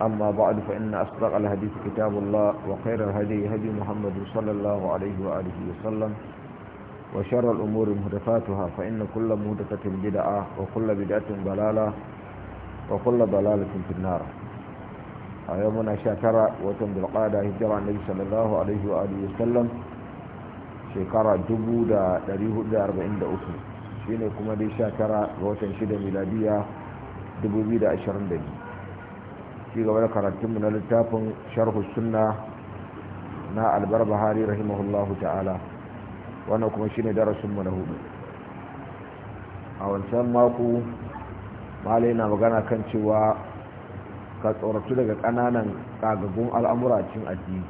أما بعد فإن أصدق الحديث كتاب الله وخير الهدي هدي محمد صلى الله عليه وآله وسلم وشر الأمور مهدفاتها فإن كل مهدفة بدعة وكل بدعة ضلالة وكل ضلالة في النار يومنا شاكرا وتم بالقادة هجرة النبي صلى الله عليه وآله وسلم شكرا دبو دا دريه دا أربعين دا أسر شيني كما دي شاكرا وتنشد ميلادية دبو بيدا أشرين دبو ci gaba da karatunmu na littafin sharhu sunna na albar bahari rahimahullahu ta'ala wannan kuma shine darasinmu na hudu a wancan mako mali na magana kan cewa ka tsoratu daga kananan kagagun al'amura cin addini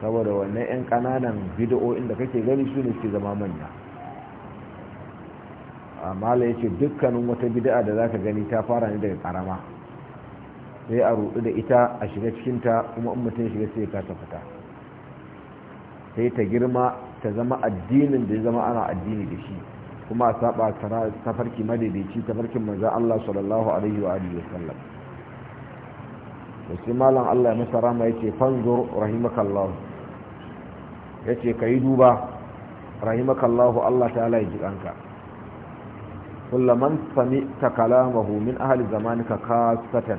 saboda wannan 'yan kananan bidiyoyin da kake gani su ne ke zama manya amma la yace dukkanin wata bid'a da zaka gani ta fara ne daga karama sai a rudu da ita a shiga cikinta kuma in mutum shiga sai ka fita sai ta girma ta zama addinin da ya zama ana addini da shi kuma a saba tafarki madaidaici tafarkin manzan Allah sallallahu alaihi wa alihi wasallam wasu malam Allah ya masa rama ya ce fanzur rahimakallahu ya ce ka yi duba rahimakallahu Allah ta ala ya ji ɗanka kullaman sami ta kalamahu min ahali zamanika kasatan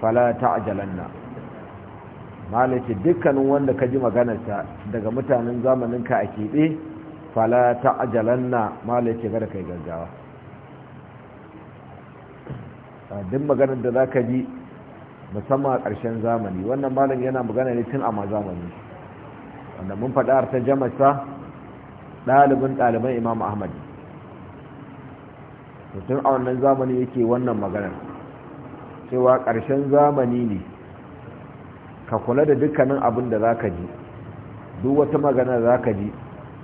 fala ta'jalanna malaki dukkanin wanda ka ji maganarsa daga mutanen zamanin ka a keɓe fala ta'jalanna malaki gara kai gaggawa duk maganar da za ka ji musamman a ƙarshen zamani wannan malam yana magana ne tun a ma zamani wanda mun faɗa ta jamasa ɗalibin ɗaliban imam ahmad tun a wannan zamani yake wannan maganar cewa ƙarshen zamani ne ka kula da dukkanin abin da za ka ji duk wata magana za ka ji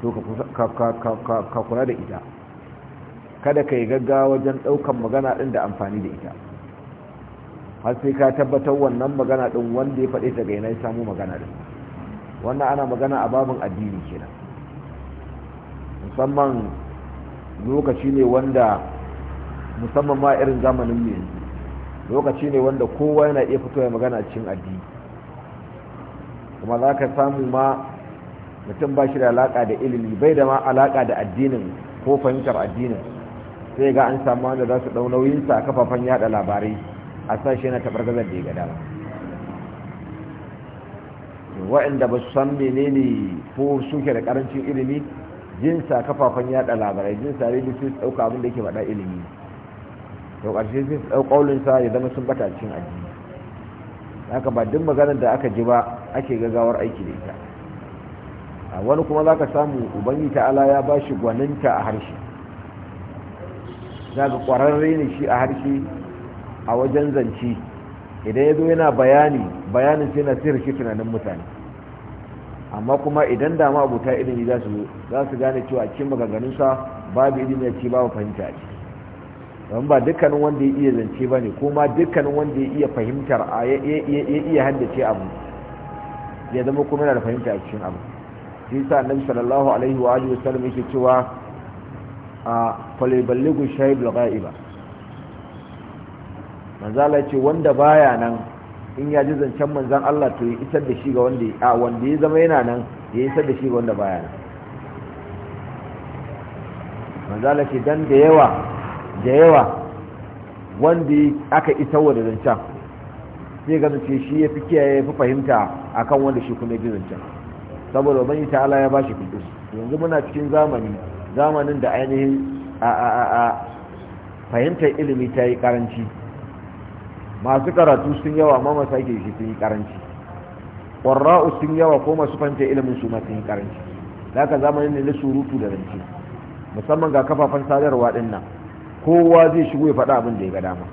to ka kula da ita kada ka yi gaggawa wajen ɗaukan magana ɗin da amfani da ita har sai ka tabbatar wannan magana ɗin wanda ya faɗe daga ga yanayi samu magana ɗin wannan ana magana a babin addini kenan musamman lokaci ne wanda musamman ma irin zamanin mai yanzu lokaci ne wanda kowa yana iya fito ya magana cikin addini kuma za ka samu ma mutum ba shi da alaka da ilimi bai da ma alaka da addinin ko fahimtar addinin sai ga an samu wanda za su ɗau nauyinsa a kafafen yada labarai a sa shi yana taɓar gazar da ya gada waɗanda ba su san menene ko suke da karancin ilimi jinsa kafafen yaɗa labarai jinsa rediyo su ɗauka abin da ke faɗa ilimi to karshe sai su ɗau sa ya zama sun bata a cikin addini haka ba duk maganar da aka ji ba ake gagawar aiki da ita a wani kuma za ka samu ubangi ala ya ba shi gwaninta a harshe za ka ne shi a harshe a wajen zance idan ya zo yana bayani bayanin sai na sirri shi tunanin mutane amma kuma idan dama abuta ilimi za su gane cewa cikin maganganunsa babu ilimi ya ce babu fahimta a ciki don ba dukkanin wanda ya iya zance ba ne kuma dukkanin wanda ya iya fahimtar ya iya haddace abu ya zama kuma yana da fahimta a cikin abu shi sa annabi sallallahu alaihi wa alihi wasallam yake cewa a faliballigu shaib al-ghaiba manzala ce wanda baya nan in ya ji zancen manzan Allah to ya isar da shi ga wanda a wanda ya zama yana nan ya isar da shi ga wanda baya nan manzala ce dan da yawa da yawa wanda aka isa wa da zancen sai ga ce shi ya fi kiyaye fi fahimta akan wanda shi kuma bi zancen saboda ubangi ta'ala ya ba shi kudus yanzu muna cikin zamani zamanin da ainihin a a a a fahimtar ilimi ta yi karanci masu karatu sun yawa amma masu ake shi sun yi karanci ƙwarra'u sun yawa ko masu fahimtar ilimin su ma sun yi karanci da haka zamanin ne na surutu da rance musamman ga kafafen sadarwa ɗin nan kowa zai shigo ya faɗa abin da ya ga dama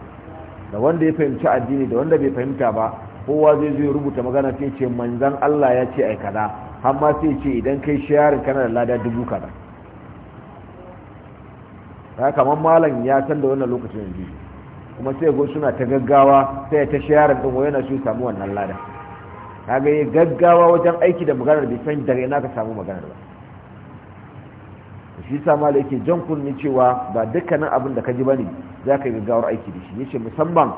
da wanda ya fahimci addini da wanda bai fahimta ba kowa zai zo ya rubuta magana sai ce manzan Allah ya ce ai kaza har ma sai ce idan kai shayarin kana da lada dubu kaza ya kamar malam ya san da wannan lokacin yanzu kuma sai go suna ta gaggawa sai ta shayarin din wayana yana so samu wannan lada kaga ya gaggawa wajen aiki da maganar bai san daga ina ka samu maganar ba shi sa mala yake jan kunni cewa ba dukkanin abin da ka ji bane za ka yi gaggawar aiki da shi yace musamman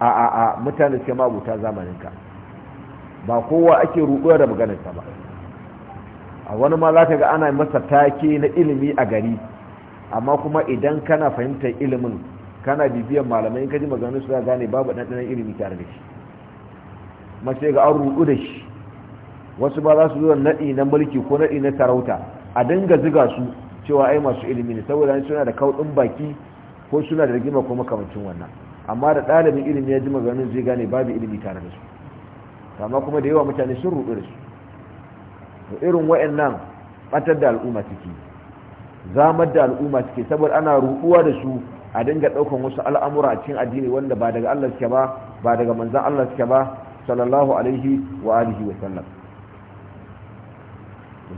a a a mutane suke mabuta zamanin ka ba kowa ake ruɗuwa da maganar ba a wani ma za ka ga ana masa take na ilimi a gari amma kuma idan kana fahimtar ilimin kana bibiyan malamai in ka ji maganar su za gane babu ɗanɗanon ilimi tare da shi mace ga an ruɗu da shi wasu ba za su zo naɗi na mulki ko naɗi na sarauta a dinga ziga su cewa ai masu ilimi ne saboda suna da kauɗin baki ko suna da rigima ko makamancin wannan amma da ɗalibin ilimi ya ji maganin zai gane babu ilimi tare da su amma kuma da yawa mutane sun rubu da su to irin wa'annan ɓatar da al'umma suke zamar da al'umma suke saboda ana rubuwa da su a dinga ɗaukan wasu al'amura a cikin addini wanda ba daga Allah suke ba ba daga manzan Allah suke ba sallallahu alaihi wa alihi wa sallam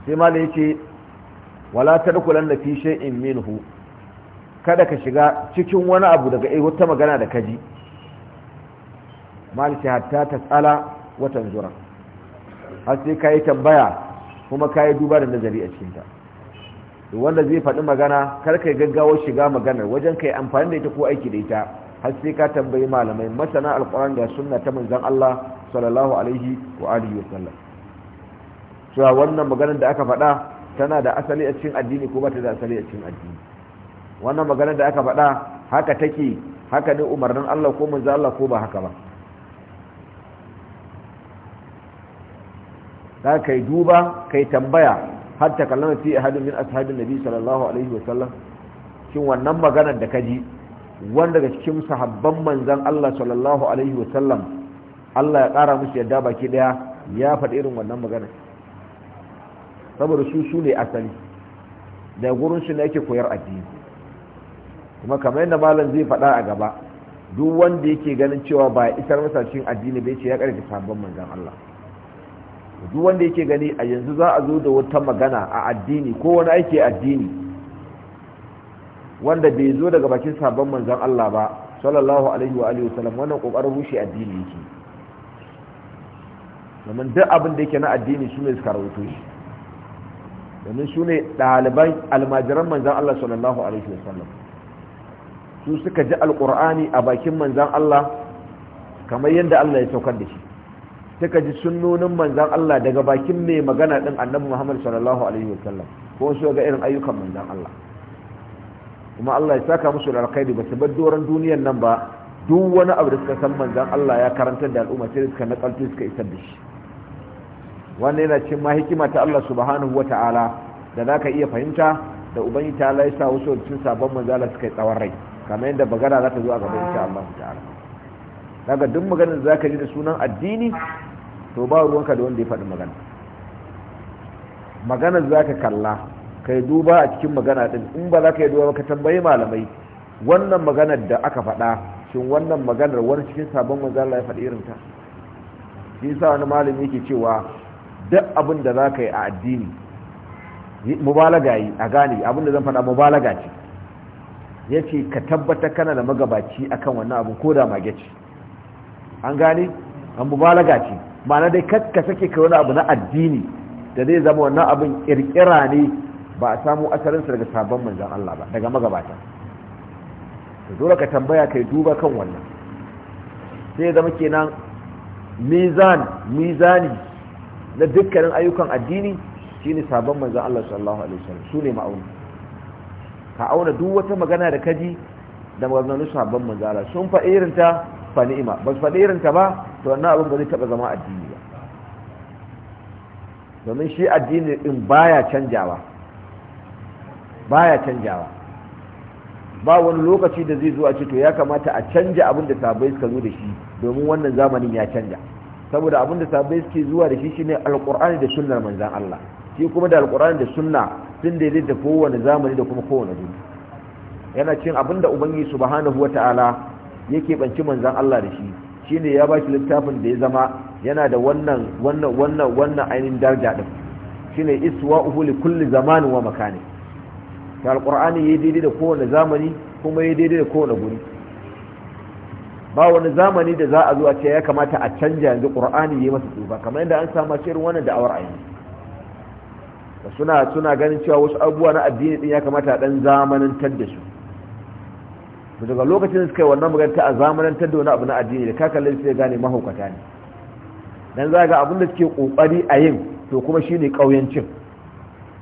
sai ma da yake wala ta tadkhulanna in shay'in minhu kada ka shiga cikin wani abu daga ai eh, wata magana da kaji maliki hatta tsala watan zura har sai kai tambaya kuma kai duba da nazari a cikin ta wanda zai faɗi magana kar ka yi gaggawa shiga maganar wajen kai amfani da ita ko aiki da ita har sai ka tambayi malamai masana alquran da sunna ta manzon Allah sallallahu alaihi wa alihi wa sallam cewa wannan maganar da aka faɗa tana da asali a cikin addini ko ba ta da asali a cikin addini wannan maganar da aka faɗa haka take haka ne umarnin Allah ko manzo Allah ko ba haka ba da kai duba kai tambaya har ta kallama fi ahadin min ashabin nabi sallallahu alaihi wa sallam shin wannan maganar da kaji wanda daga cikin sahabban manzon Allah sallallahu alaihi wa sallam Allah ya kara musu yadda baki daya ya faɗi irin wannan maganar saboda su su ne asali da gurin su ne yake koyar addini kuma kamar yadda malam zai faɗa a gaba duk wanda yake ganin cewa ba isar masa cikin addini bai ce ya karanta sabon manzan Allah duk wanda yake gani a yanzu za a zo da wata magana a addini ko wani aiki addini wanda bai zo daga bakin sabon manzan Allah ba sallallahu alaihi wa alihi wasallam wannan kokarin rushe addini yake domin duk abin da yake na addini su ne suka rawaito shi domin su ne ɗaliban almajiran manzan Allah sallallahu alaihi wasallam su suka ji alƙur'ani a bakin manzan Allah kamar yadda Allah ya saukar da shi suka ji sunnonin manzan Allah daga bakin mai magana ɗin annabi Muhammad sallallahu alaihi wasallam ko su ga irin ayyukan manzan Allah kuma Allah ya saka musu da alkhairi ba su bar doron duniyar nan ba duk wani abu da suka san manzan Allah ya karantar da al'umma sai suka naƙaltu suka isar da shi Wannan yana cin ma hikima ta Allah subhanahu wa ta'ala da za ka iya fahimta da ubangi ta Allah ya sa wasu cikin sabon manzala suka yi tsawon rai kamar yadda bagara za ta zo a gaba insha Allah ta'ala daga duk maganar za ka ji da sunan addini to ba ruwanka da wanda ya faɗi magana maganar za ka kalla ka yi duba a cikin magana ɗin in ba za ka yi duba ka tambayi malamai wannan maganar da aka faɗa shin wannan maganar wani cikin sabon manzala ya faɗi irin ta. shi sa wani malami yake cewa duk abin da za ka yi a addini mubalaga yi a gane abin da zan fada mubalaga ce ya ce ka tabbata kana da magabaci akan wannan abin ko da mage ce an gane an mubalaga ce ma'ana dai ka sake ka wani abu na addini da zai zama wannan abin kirkira ne ba a samu asalinsa daga sabon manzan Allah ba daga magabata to dole ka tambaya kai duba kan wannan sai zama kenan mizan mizani na dukkanin ayyukan addini shi ne sabon manzan Allah sallallahu alaihi wasallam sune ma'auni ka auna duk wata magana da kaji da maganganun sabon manzan Allah sun faɗi irinta fa ni'ima ba su faɗi irinta ba to wannan abin ba zai taɓa zama addini ba domin shi addini din baya canjawa baya canjawa ba wani lokaci da zai zo a ce to ya kamata a canja abin da sabai suka zo da shi domin wannan zamanin ya canja saboda abinda sabai suke zuwa da shi shine alqur'ani da sunnar manzon Allah shi kuma da alqur'ani da sunna sun daidai da kowane zamani da kuma kowane duniya yana cin abinda ubangi subhanahu wataala yake banci manzon Allah da shi shine ya baki littafin da ya zama yana da wannan wannan wannan wannan ainin daraja din shine iswa'uhu li kulli zamanin wa makani alqur'ani yayi daidai da kowane zamani kuma yayi daidai da kowane guri ba wani zamani da za a zuwa a ce ya kamata a canja yanzu qur'ani yayi masa tsufa kamar yadda an samu shirin wannan da'awar a yanzu suna suna ganin cewa wasu abubuwa na addini din ya kamata a dan zamanantar da su daga lokacin da suka yi wannan magana ta a zamanantar da wani abu na addini da kakallin sai gane mahaukata ne dan za ga abin da suke kokari a yin to kuma shine kauyancin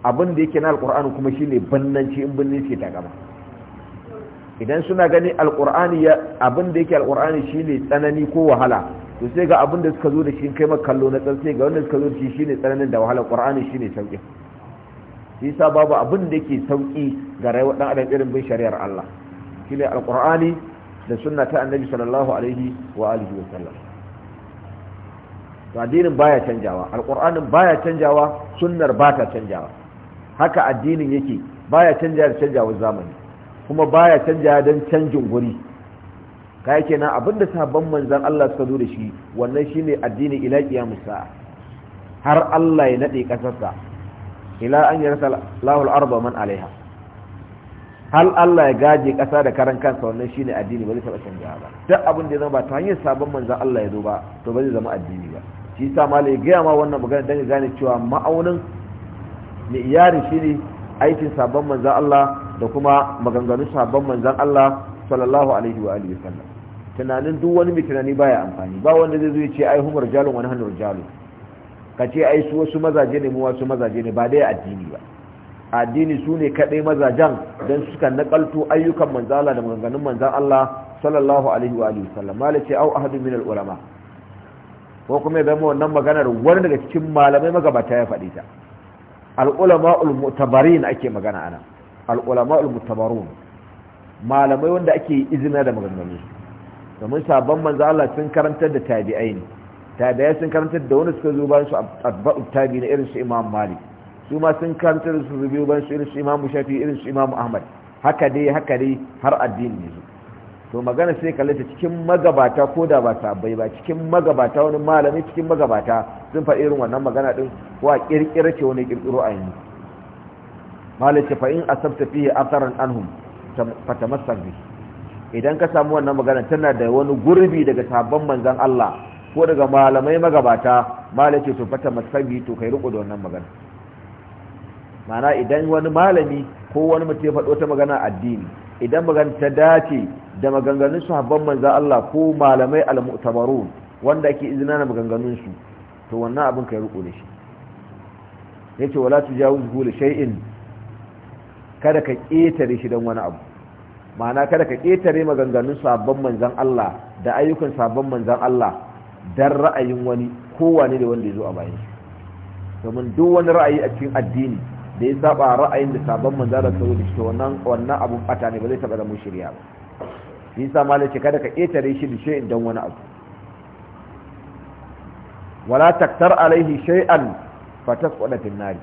abin da yake na alqur'ani kuma shine bannanci in binne suke ta gaba idan suna gani alkur'ani ya abin da yake alkur'ani shine tsanani ko wahala to sai ga abin da suka zo da shi kai maka kallo na tsarki ga wanda suka zo da shi shine tsananin da wahala qur'ani shine sauki shi sa babu abin da yake sauki ga rayuwar dan adam irin bin shari'ar Allah shine alkur'ani da sunna ta annabi sallallahu alaihi wa alihi wa sallam to addinin baya canjawa alkur'anin baya canjawa sunnar ba ta canjawa haka addinin yake baya canjawa da canjawar zamani kuma baya canja don canjin guri kaya kenan abinda sabon manzan Allah suka zo da shi wannan shine addini ila musa har Allah ya nade kasarsa ila an yarsa lahul arba man alaiha hal Allah ya gaje kasa da karan kansa wannan shine addini ba zai taba canja ba duk abin da ya zama ba ta hanyar sabon manzan Allah ya zo ba to ba zai zama addini ba shi yasa malai ga ma wannan magana dan gane cewa ma'aunin ni iyari ne aikin sabon manzan Allah da kuma maganganu sabon manzan Allah sallallahu alaihi wa alihi sallam tunanin duk wani mai tunani baya amfani ba wanda zai zo ya ce ai humar rijalun wani hannu rijalun ka ce ai su wasu mazaje ne mu wasu mazaje ne ba dai addini ba addini su ne kaɗai mazajen don suka nakaltu ayyukan manzala da maganganun manzan Allah sallallahu alaihi wa sallam malace au ahadu min ulama ko kuma ya mu wannan maganar wani daga cikin malamai magabata ya faɗi ta al ulama ul mutabarin ake magana anan al'ulama al-mutabarun malamai wanda ake izina da maganganu domin sabon manza Allah sun karantar da tabi'ai ne tabi'ai sun karantar da wani suka zo bayan su atba'u tabi na irin su Imam Malik su ma sun karantar da su zubi bayan su irin su Imam Shafi irin su Imam Ahmad haka dai haka dai har addini ne to magana sai kalle ta cikin magabata ko da ba sabai ba cikin magabata wani malami cikin magabata sun faɗi irin wannan magana din ko a ƙirƙirar ce wani ƙirƙiro a yanzu malace fa in asabta fihi atharan anhum fatamassak bi idan ka samu wannan magana tana da wani gurbi daga sabon manzon Allah ko daga malamai magabata ce to fatamassak bi to kai riko da wannan magana mana idan wani malami ko wani mutum ya faɗo ta magana addini idan magana ta dace da maganganun sahabban manzon Allah ko malamai al-mu'tabarun wanda ake izina na maganganun su to wannan abin kai riko da shi yace wala tujawuz gulu shay'in kada ka ƙetare shi don wani abu ma'ana kada ka ƙetare maganganun sabon manzan Allah da ayyukan sabon manzan Allah don ra'ayin wani kowane da wanda ya zo a bayan shi domin duk wani ra'ayi a cikin addini da ya saba ra'ayin da sabon manzan da sauri shi wannan wannan abun bata ne ba zai taba zama shirya ba shi yasa malai ce kada ka ƙetare shi da shi don wani abu wala taktar alaihi shay'an fatasqada fin nari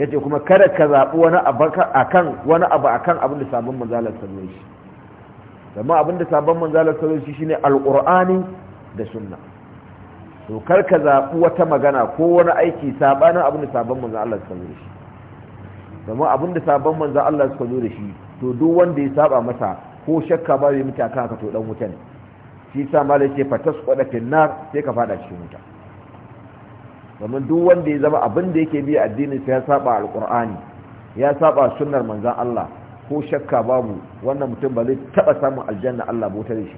yace kuma kada ka zaɓi wani abu akan wani abu akan abin da sabon manzalar sallon shi zama abin da sabon manzalar sallon shi shine al'urani da sunna to kar ka zaɓi wata magana ko wani aiki sabanin abin da sabon manzalar Allah shi zama wasallam abin da sabon manzalar Allah da shi to duk wanda ya saba masa ko shakka ba zai mutu akan haka to dan wuta ne shi sa malai ce fatas qadatin nar sai ka faɗa cikin wuta domin duk wanda ya zama abin da yake bi addini sai ya saba alkurani ya saba sunnar manzon Allah ko shakka babu wannan mutum ba zai taba samun aljanna Allah bota da shi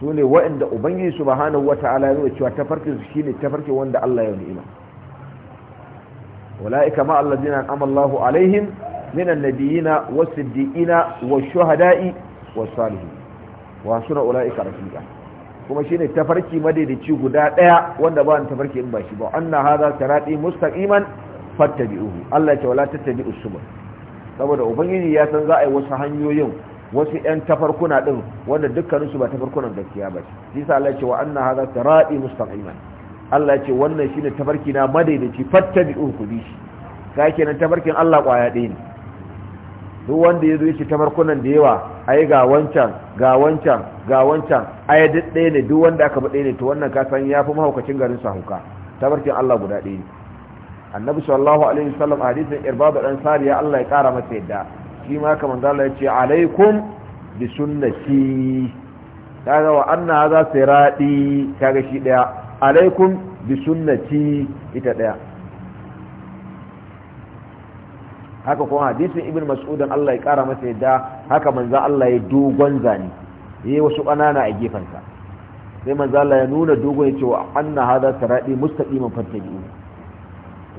su ne wa'inda ubangiji subhanahu wata'ala ya nuna cewa tafarkin su shine tafarkin wanda Allah ya ni'ima ulaika ma alladhina an'ama Allahu alaihim minan nabiyina was-siddiqina wash-shuhada'i was-salihin ulaika rafiqa kuma shine tafarki madaidaici guda daya wanda ba ni tafarki in ba shi ba anna hadha sirati mustaqiman fattabi'uhu Allah ya ce wala tattabi'us subul saboda ubangiji ya san za a yi wasu hanyoyin wasu yan tafarkuna din wanda dukkanin su ba tafarkunan gaskiya ba shi yasa Allah ya ce wa anna hadha sirati mustaqiman Allah ya ce wannan shine tafarki na madaidaici fattabi'uhu ku bi shi kai kenan tafarkin Allah kwaya ɗaya ne duk wanda ya zo ya tafarkunan da yawa ai ga wancan ga wancan ga wancan ai duk ɗaya ne duk wanda aka baɗe ne to wannan ka san yafi mahaukacin garin sahuka tabarkin Allah guda ɗaya ne annabi sallallahu alaihi wasallam hadisin dan sariya Allah ya kara masa yadda shi ma kaman Allah ya ce alaikum bi sunnati kaga wa anna hadha siradi kaga shi daya alaikum bi sunnati ita daya haka kuma hadisin ibn mas'udan Allah ya kara masa yadda haka manza Allah ya dogon zane yayi wasu ƙanana a sa sai manzo Allah ya nuna dogon ya ce wa anna hadha sirati mustaqiman fattabi'u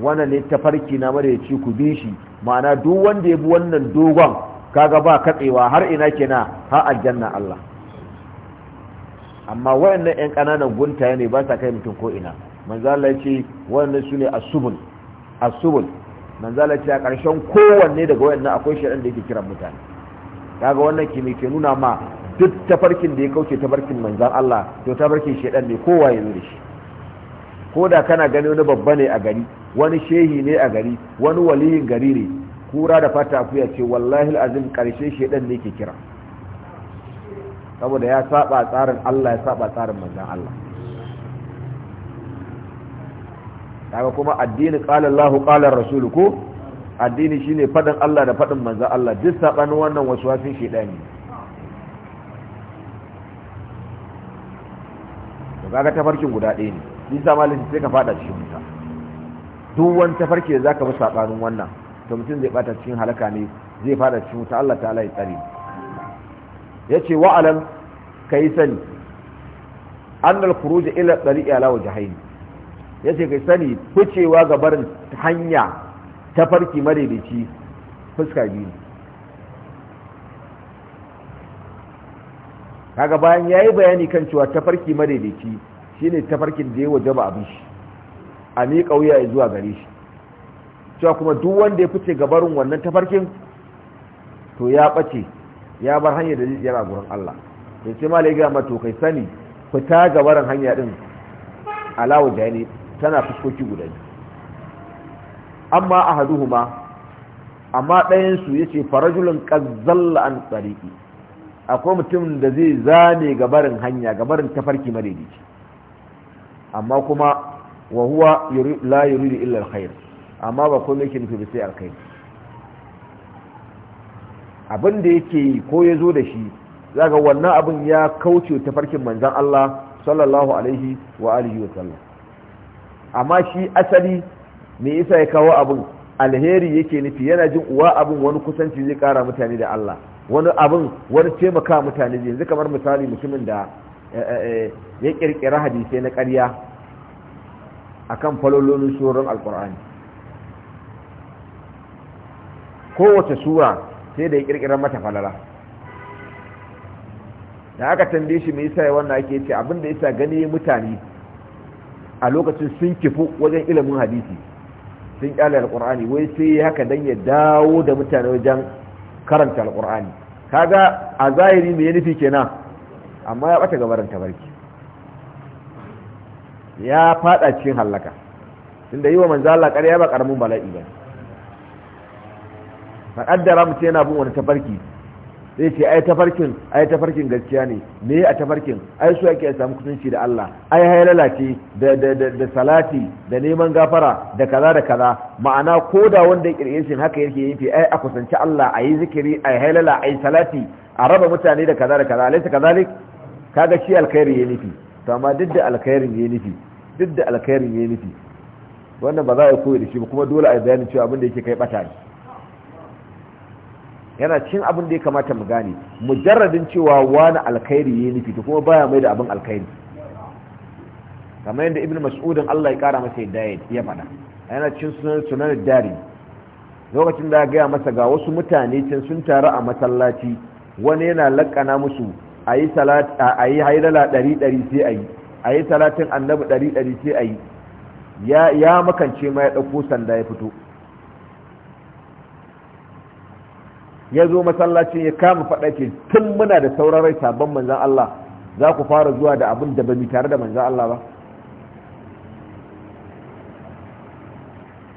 wannan ne ta farki na mare ci ku bi shi ma'ana duk wanda ya bi wannan dogon kaga ba katsewa har ina kina ha aljanna Allah amma wayannan ƴan ƙananan guntaye ne ba sa kai mutum ko ina manzo Allah ya ce wayannan ne asubul asubul manzo Allah ya ce a ƙarshen kowanne daga wayannan akwai shaydan da yake kiran mutane kaga wannan ke ke nuna ma duk tafarkin da ya kauce tafarkin manzan Allah to ta tafarkin shedan ne kowa ya da shi ko da kana gani wani babba ne a gari wani shehi ne a gari wani waliyin gari ne kura da fata akuya ce wallahi azim karshe shedan ne ke kira saboda ya saba tsarin Allah ya saba tsarin manzan Allah kaga kuma addini qala Allahu qala rasuluhu addini shine faɗin Allah da faɗin manzan Allah duk saɓanin wannan wasu wasin shaidani to kaga tafarkin guda ɗaya ne sa malin sai ka faɗa cikin wuta duk wani tafarki da zaka bi sabanin wannan to mutum zai ɓata cikin halaka ne zai faɗa cikin wuta Allah ta'ala ya tsare yace alam kai sani al khuruj ila tariqi ala wajhayn yace kai sani ficewa ga barin hanya tafarki madaidaici fuska biyu kaga bayan ya yi bayani kan cewa tafarki madaidaici shine tafarkin da ya ba abin shi a ne kauya ya zuwa gare shi cewa kuma duk wanda ya fice gabarin wannan tafarkin to ya bace ya bar hanyar da zai a gurin Allah sai sai malai ga mato kai sani fita gabarin hanya din alawo jani tana fuskoki guda biyu amma ahaduhuma amma ɗayan su yace farajulun qazzalla an tsariki akwai mutum da zai zane gabarin hanya gabarin tafarki madaidaici amma kuma wa huwa la yuridu illa alkhair amma ba komai yake nufi sai alkhair abin da yake ko ya zo da shi zaga wannan abin ya kauce tafarkin manzan Allah sallallahu alaihi wa alihi wa sallam amma shi asali me yasa ya kawo abin alheri yake nufi yana jin uwa abin wani kusanci zai kara mutane da Allah wani abin wani taimaka mutane zai yanzu kamar misali mutumin da eh, eh, eh, ya kirkira hadisai na ƙarya akan falololin surar alkur'ani kowace sura sai da ya kirkira mata falala da aka tambaye shi me yasa wannan ake ce abin da yasa gani mutane a lokacin sun kifu wajen ilimin hadisi sun kyale alqur'ani wai sai ya haka dan ya dawo da mutane wajen karanta alqur'ani kaga a zahiri me ya nufi kenan amma ya bata gabaran tabarki ya fada cikin halaka tunda yi wa manzala ya ba karamin bala'i ba faɗaddara mutum yana bin wani tafarki zai ce ai tafarkin ai tafarkin gaskiya ne me a tafarkin ai su ake samu kusanci da Allah ai hayalala ce da da da salati da neman gafara da kaza da kaza ma'ana koda wanda ya kirkire shi haka yake yi ai a kusanci Allah ai zikiri ai hayalala ai salati a raba mutane da kaza da kaza alaysa kazalik kaga shi alkhairi ya nufi to amma duk da alkhairin ya nufi duk da alkhairin ya nufi wannan ba za a koyi da shi ba kuma dole a bayanin cewa abin da yake kai bata ne yana cin abin da ya kamata mu gane mujarradin cewa wani alkhairi ya nufi to kuma baya mai da abin alkhairi kamar yadda ibn mas'udin Allah ya kara masa yadda ya faɗa yana cin sunan dari lokacin da ya gaya masa ga wasu mutane can sun taru a masallaci wani yana lakana musu a yi haidala ɗari ɗari sai a yi a yi salatin annabi ɗari ɗari sai a yi ya makance ma ya ɗauko sanda ya fito ya zo masallaci ya kama faɗa ce tun muna da sauran rai sabon manzan Allah za ku fara zuwa da abin da ba tare da manzan Allah ba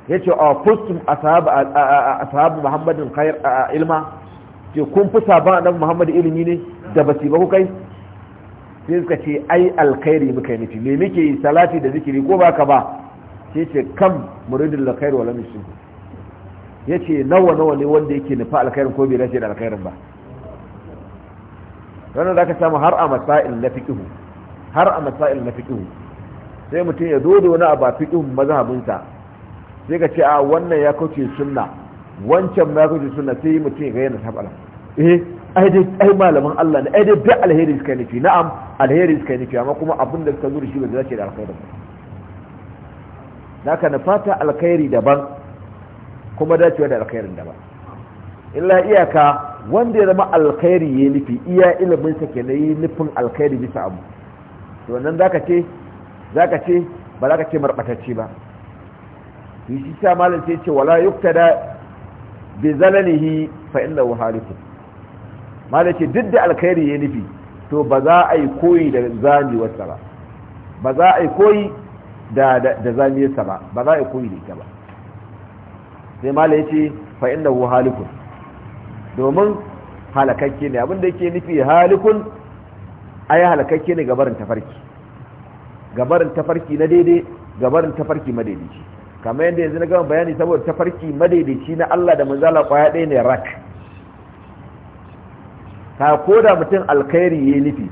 ya ce a kustum ashabu muhammadin khair ilma ce kun fi sabon annabi muhammadu ilimi ne da basi ba ku kai sai suka ce ai alkhairi muka yi nufi me muke salati da zikiri ko ba ka ba sai ce kam muridin alkhairi wala nusuhu ya ce nawa nawa ne wanda yake nufa alkhairin ko bai rashe da alkhairin ba ranar da aka samu har a masa'il na fiƙihu har a masa'il na fiƙihu sai mutum ya dodo wani abu a fiƙihun mazhabinsa sai ka ce a wannan ya kauce sunna wancan ma ya kauce sunna sai mutum ya ga yana tabala eh ai dai ai malaman Allah ne ai dai duk alheri suka nufi na'am alheri suka nufi amma kuma abin da suka zo da shi ba zai dace da alkhairin ba naka na fata alkhairi daban kuma dacewa da alkhairin da ba illa iyaka wanda ya zama alkhairi ya nufi iya ilimin sa ke nayi nufin alkhairi bisa abu to nan zaka ce zaka ce ba zaka ce marbatacce ba shi shi sa malam sai ce wala yuktada bi zalalihi fa innahu halikun malam ce duk da alkhairi ya nufi to ba za a yi koyi da zaniwarsa ba ba za a yi koyi da zaniyarsa ba ba za a yi koyi da ita ba sai mala yace fa innahu halikun domin halakakke ne abinda yake nufi halikun ai halakakke ne gabarin tafarki gabarin tafarki na daidai gabarin tafarki madaidaici kamar yadda yanzu na gama bayani saboda tafarki madaidaici na Allah da manzala kwaya ɗaya ne rak ta koda mutum alkhairi ya nufi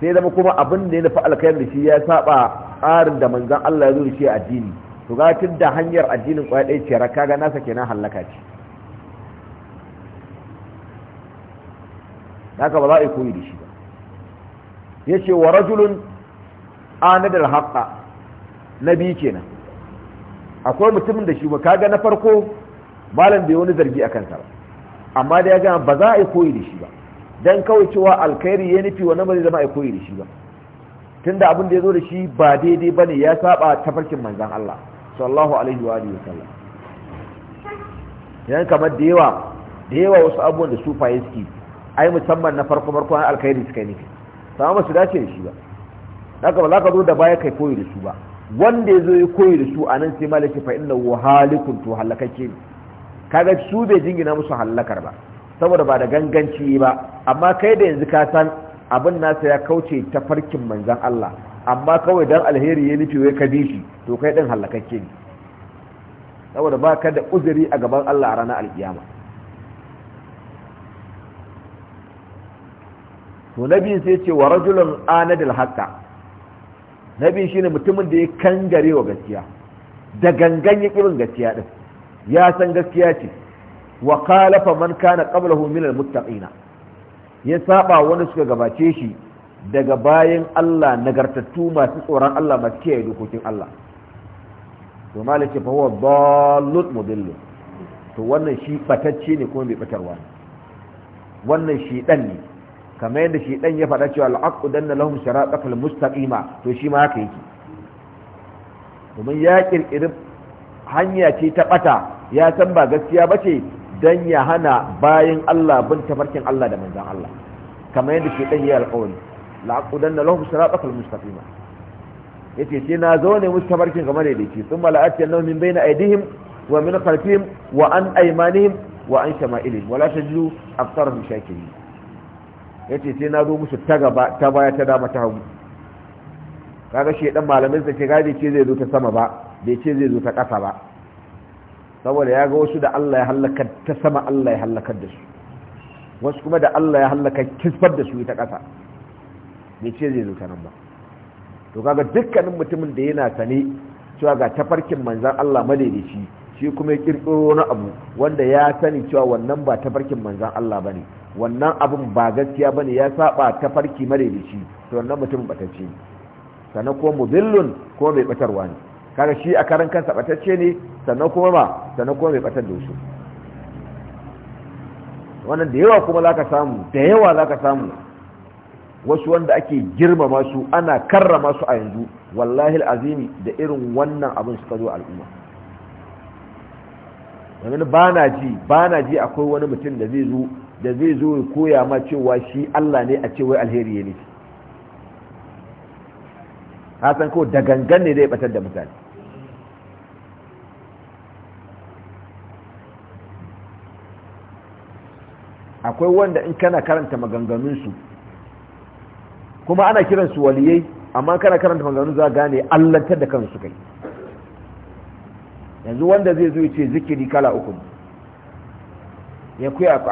sai zama kuma abin da ya nufi alkhairi shi ya saba tsarin da manzan Allah ya zo da shi addini to ga da hanyar addinin kwaya ce raka ga nasa kenan hallaka ce haka ba za a yi koyi da shi ba ya ce wa rajulun anadar haƙa na biyu kenan akwai mutumin da shi ba kaga na farko malam bai wani zargi a kansa ba amma da ya gama ba za a yi koyi da shi ba don kawai cewa alkhairi ya nufi wani ba zama a koyi da shi ba tunda abin da ya zo da shi ba daidai ba ne ya saba tafarkin manzan Allah sallallahu alaihi wa alihi wasallam yan kamar da yawa da yawa wasu abubuwan da sufaye suke ai musamman na farko farko na alkhairi suka yi sama ba su dace da shi ba haka ba za ka zo da baya kai koyi da su ba wanda ya zo ya koyi da su a nan sai malaki fa inna wa halikum to halakakke ne kaga su bai jingina musu halakar ba saboda ba da ganganci ba amma kai da yanzu ka san abin nasa ya kauce ta farkin manzan Allah amma kawai dan alheri ya nufi wai ka bi shi to kai din halakakke ne saboda ba ka da uzuri a gaban Allah a ranar alkiyama to nabi sai ce wa rajulun anadil haqqa nabi shine mutumin da ya kangare wa gaskiya da gangan ya kirin gaskiya din ya san gaskiya ce wa fa man kana qablahu min almuttaqina ya saba wanda suka gabace shi daga bayan Allah nagartattu masu tsoron Allah masu kiyaye dokokin Allah to malaki fa huwa dallut mudillu to wannan shi batacce ne kuma bai batarwa wannan shi dan ne kamar yadda shi dan ya faɗa cewa al'aqu danna lahum shiraqatal mustaqima to shi ma haka yake domin ya kirkiri hanya ce ta bata ya san ba gaskiya bace dan ya hana bayan Allah bin tafarkin Allah da manzon Allah kamar yadda shi dan ya alƙawari la'aqudanna lahum siratal mustaqima yace sai na zo ne musu tabarkin game da dace sun mala'ati annahu min bayna aydihim wa min khalfihim wa an aymanihim wa an shama'ilihim wala tajidu aktharahum shakirin yace sai na zo musu ta gaba ta baya ta dama ta hagu kaga dan malamin sa ce gadi ce zai zo ta sama ba bai ce zai zo ta kasa ba saboda ya ga wasu da Allah ya halaka ta sama Allah ya halaka da su wasu kuma da Allah ya halaka kisfar da su ta kasa bai ce zai zo ta nan ba to kaga dukkanin mutumin da yana sane cewa ga tafarkin manzan Allah madaidaici shi kuma ya kirkiro wani abu wanda ya sani cewa wannan ba tafarkin manzan Allah bane wannan abun ba gaskiya bane ya saba tafarki madaidaici to wannan mutum batacce ne sannan ko mudillun ko mai batarwa ne kaga shi a karan kansa batacce ne sannan kuma ba sannan kuma mai batar da wasu wannan da yawa kuma zaka samu da yawa zaka samu wasu wanda ake girmama su ana karrama su a yanzu wallahi azimi da irin wannan abin suka zo al'umma Wani ba na ji ba na ji akwai wani mutum da zai zo da zai zo ya koya ma cewa shi Allah ne a cewa alheri ne ka san ko da gangan ne zai batar da mutane akwai wanda in kana karanta maganganunsu kuma ana kiran su waliyai amma kana karanta maganganu za gane allantar da kansu kai yanzu wanda zai zo ce zikiri kala uku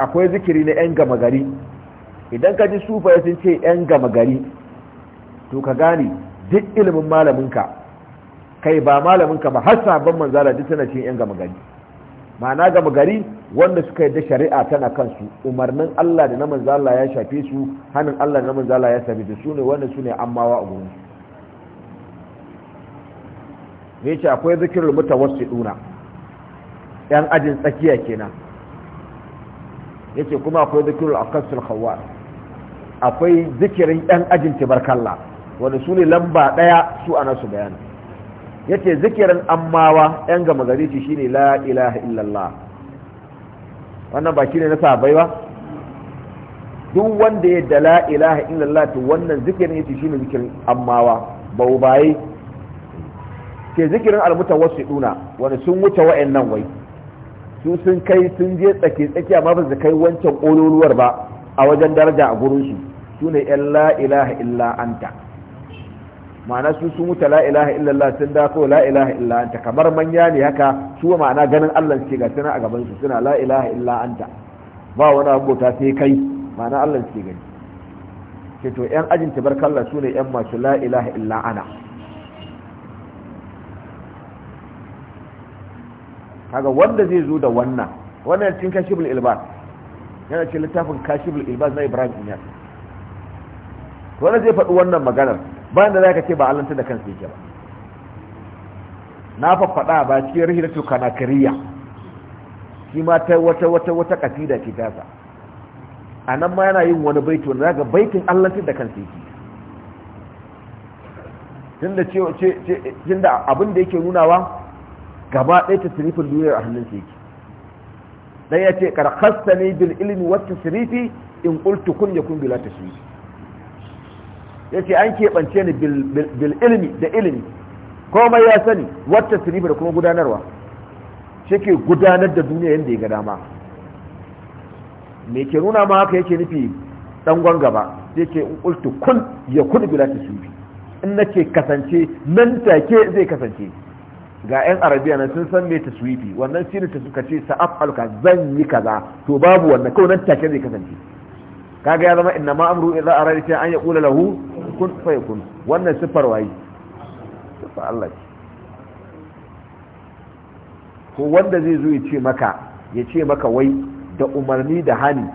akwai zikiri na 'yan gama gari idan ka ji sufa ya sun ce 'yan gama gari to ka gane duk ilimin malaminka kai ba malaminka ba har sabon manzala duk tana cin 'yan gama gari ma'ana gama gari wanda suka yadda shari'a tana kansu umarnin Allah da na zala ya shafe su hannun Allah da na zala ya shafe su ne wannan su ne mawa a gurin su ne ce akwai zikirul mutawassiduna yan ajin tsakiya kenan yace kuma akwai a aqasul khawar akwai zikirin yan ajin tibarkalla wanda su ne lamba daya su ana su bayani yace zikirin ammawa yan gama gari ne la ilaha illallah wannan ba shi ne na sahabbai ba duk wanda ya da la ilaha illallah to wannan zikirin yace shine zikirin ammawa Ba baye? ke zikirin almutawassiduna wani sun wuce wa'annan wai su sun kai sun je tsake tsaki amma ba su kai wancan ƙololuwar ba a wajen daraja a gurin su sune yan la ilaha illa anta ma'ana su sun mutu la ilaha illallah sun da ko la ilaha illa anta kamar manya ne haka su ma'ana ganin Allah suke ga suna a gaban su suna la ilaha illa anta ba wani abu ta sai kai ma'ana Allah suke gani ce to yan ajin tabarkalla su ne yan masu la ilaha illa ana kaga wanda zai zo da wannan wannan cikin kashibul ilbas yana cikin littafin kashibul ilbas na Ibrahim Inyas wanda zai faɗi wannan maganar ba da za ka ce ba alantar da kansu yake ba na faɗa ba cikin na kariya shi ma ta wata wata wata kasida ce tasa a nan ma yana yin wani baito na zaga baitin alantar da kansu yake tunda abin da yake nunawa gaba ɗaya ta sirifin duniyar a hannunsa yake dan ya ce karkasta ne bil ilmi wata sirifi in kultu kun ya kun bila ta sirifi ya ce an keɓance ni bil ilmi da ilimi komai ya sani wata sirifa da kuma gudanarwa shi ke gudanar da duniya yadda ya ga dama me ke nuna ma haka yake nufi dangon gaba zai ce in ultu kun ya kudu bila ta sufi in na ke kasance nan take zai kasance ga 'yan arabiya na sun san me ta sufi wannan sinin ta suka ce sa'af alka zan yi kaza to babu wannan kawai nan take zai kasance kaga ya zama inna ma amru idza arada shay'an an yaqula lahu kun fayakun wannan sifar wayi fa Allah ce ko wanda zai zo ya ce maka ya ce maka wai da umarni da hani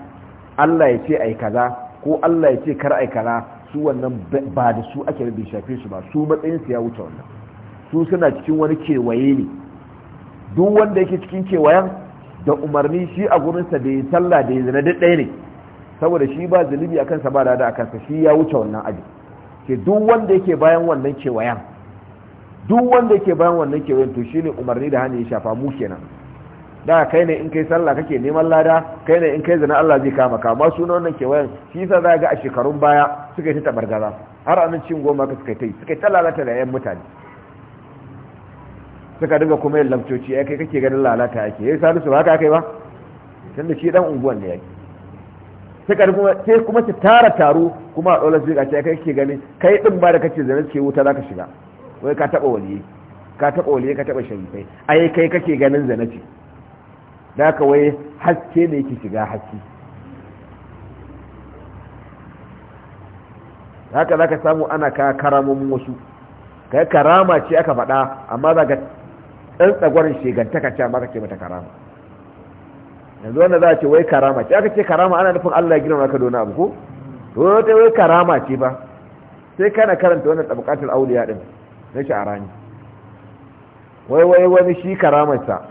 Allah ya ce ai kaza ko Allah ya ce kar ai kaza su wannan ba da su ake rubin shafe su ba su matsayin su ya wuce wannan su suna cikin wani kewaye ne duk wanda yake cikin kewayen da umarni shi a gurinsa da ya sallah da ya zina ɗaya ne saboda shi ba zunubi a kansa ba da a kansa shi ya wuce wannan aji ke duk wanda yake bayan wannan kewayen duk wanda yake bayan wannan kewayen to shine umarni da hannu ya shafa mu kenan da kai ne in kai sallah kake neman lada kai ne in kai zina Allah zai kama ka amma sunan wannan kewayen shi sa za ga a shekarun baya suka yi ta tabargaza har anan cin goma ka suka yi suka yi ta lalata da yan mutane suka dinga kuma yin lamcoci ai kai kake ganin lalata yake yayi eh, salisu ba ka kai ba tunda shi dan unguwan ne yake sai kuma ki tara taro kuma a ɗaular zirga ce kai ke gani kai ɗin ba da kace zanen ce wuta za ka shiga wai ka taɓa waliye ka taɓa waliye ka taɓa sharifai ai kai kake ganin zane ce da ka wai haske ne ki shiga haske haka za ka samu ana ka karamomin wasu kai karama ce aka faɗa amma za ka ɗan tsagwarin shegantaka ce amma ka ce mata karama yanzu wanda za a ce wai karama ce aka ce karama ana nufin Allah ya girma ka dona abu ko to wata wai karama ce ba sai kana karanta wannan tabaqatul awliya din na sha'arani wai wai wani shi karamarsa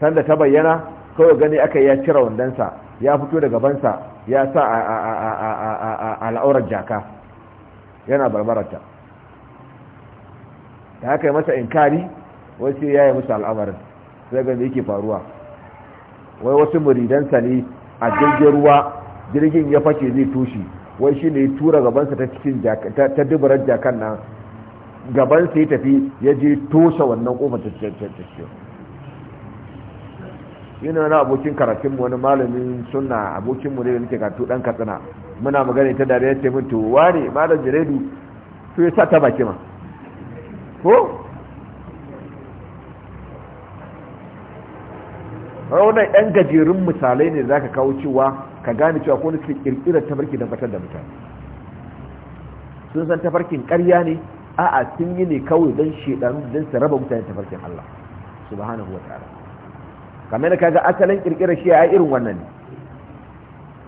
sanda ta bayyana kawai gani aka ya cire wandansa ya fito da gabansa ya sa a al'aurar jaka yana barbararta da haka yi masa inkari wasu ya yi musu al'amarin sai gani yake faruwa wai wasu muridansa ne a jirgin ruwa jirgin ya fashe zai tushe wai shi ne tura gabansa ta cikin ta dubarar jakan nan gabansa ya tafi ya je toshe wannan kofar ta cikin yin wani abokin karatunmu wani malamin suna abokinmu ne da nake gato dan katsina muna magana ta dare ya ce min to malam jiredu to ya sa ta baki ma ko raunar yan gajerun misalai ne za ka kawo cewa ka gane cewa ko suke ta tafarki da fatar da mutane sun san tafarkin ƙarya ne a'a sun yi ne kawai don shaidan don su raba mutane tafarkin Allah ba hana ta'ala kamar da kaga asalin ƙirƙirar shi a irin wannan ne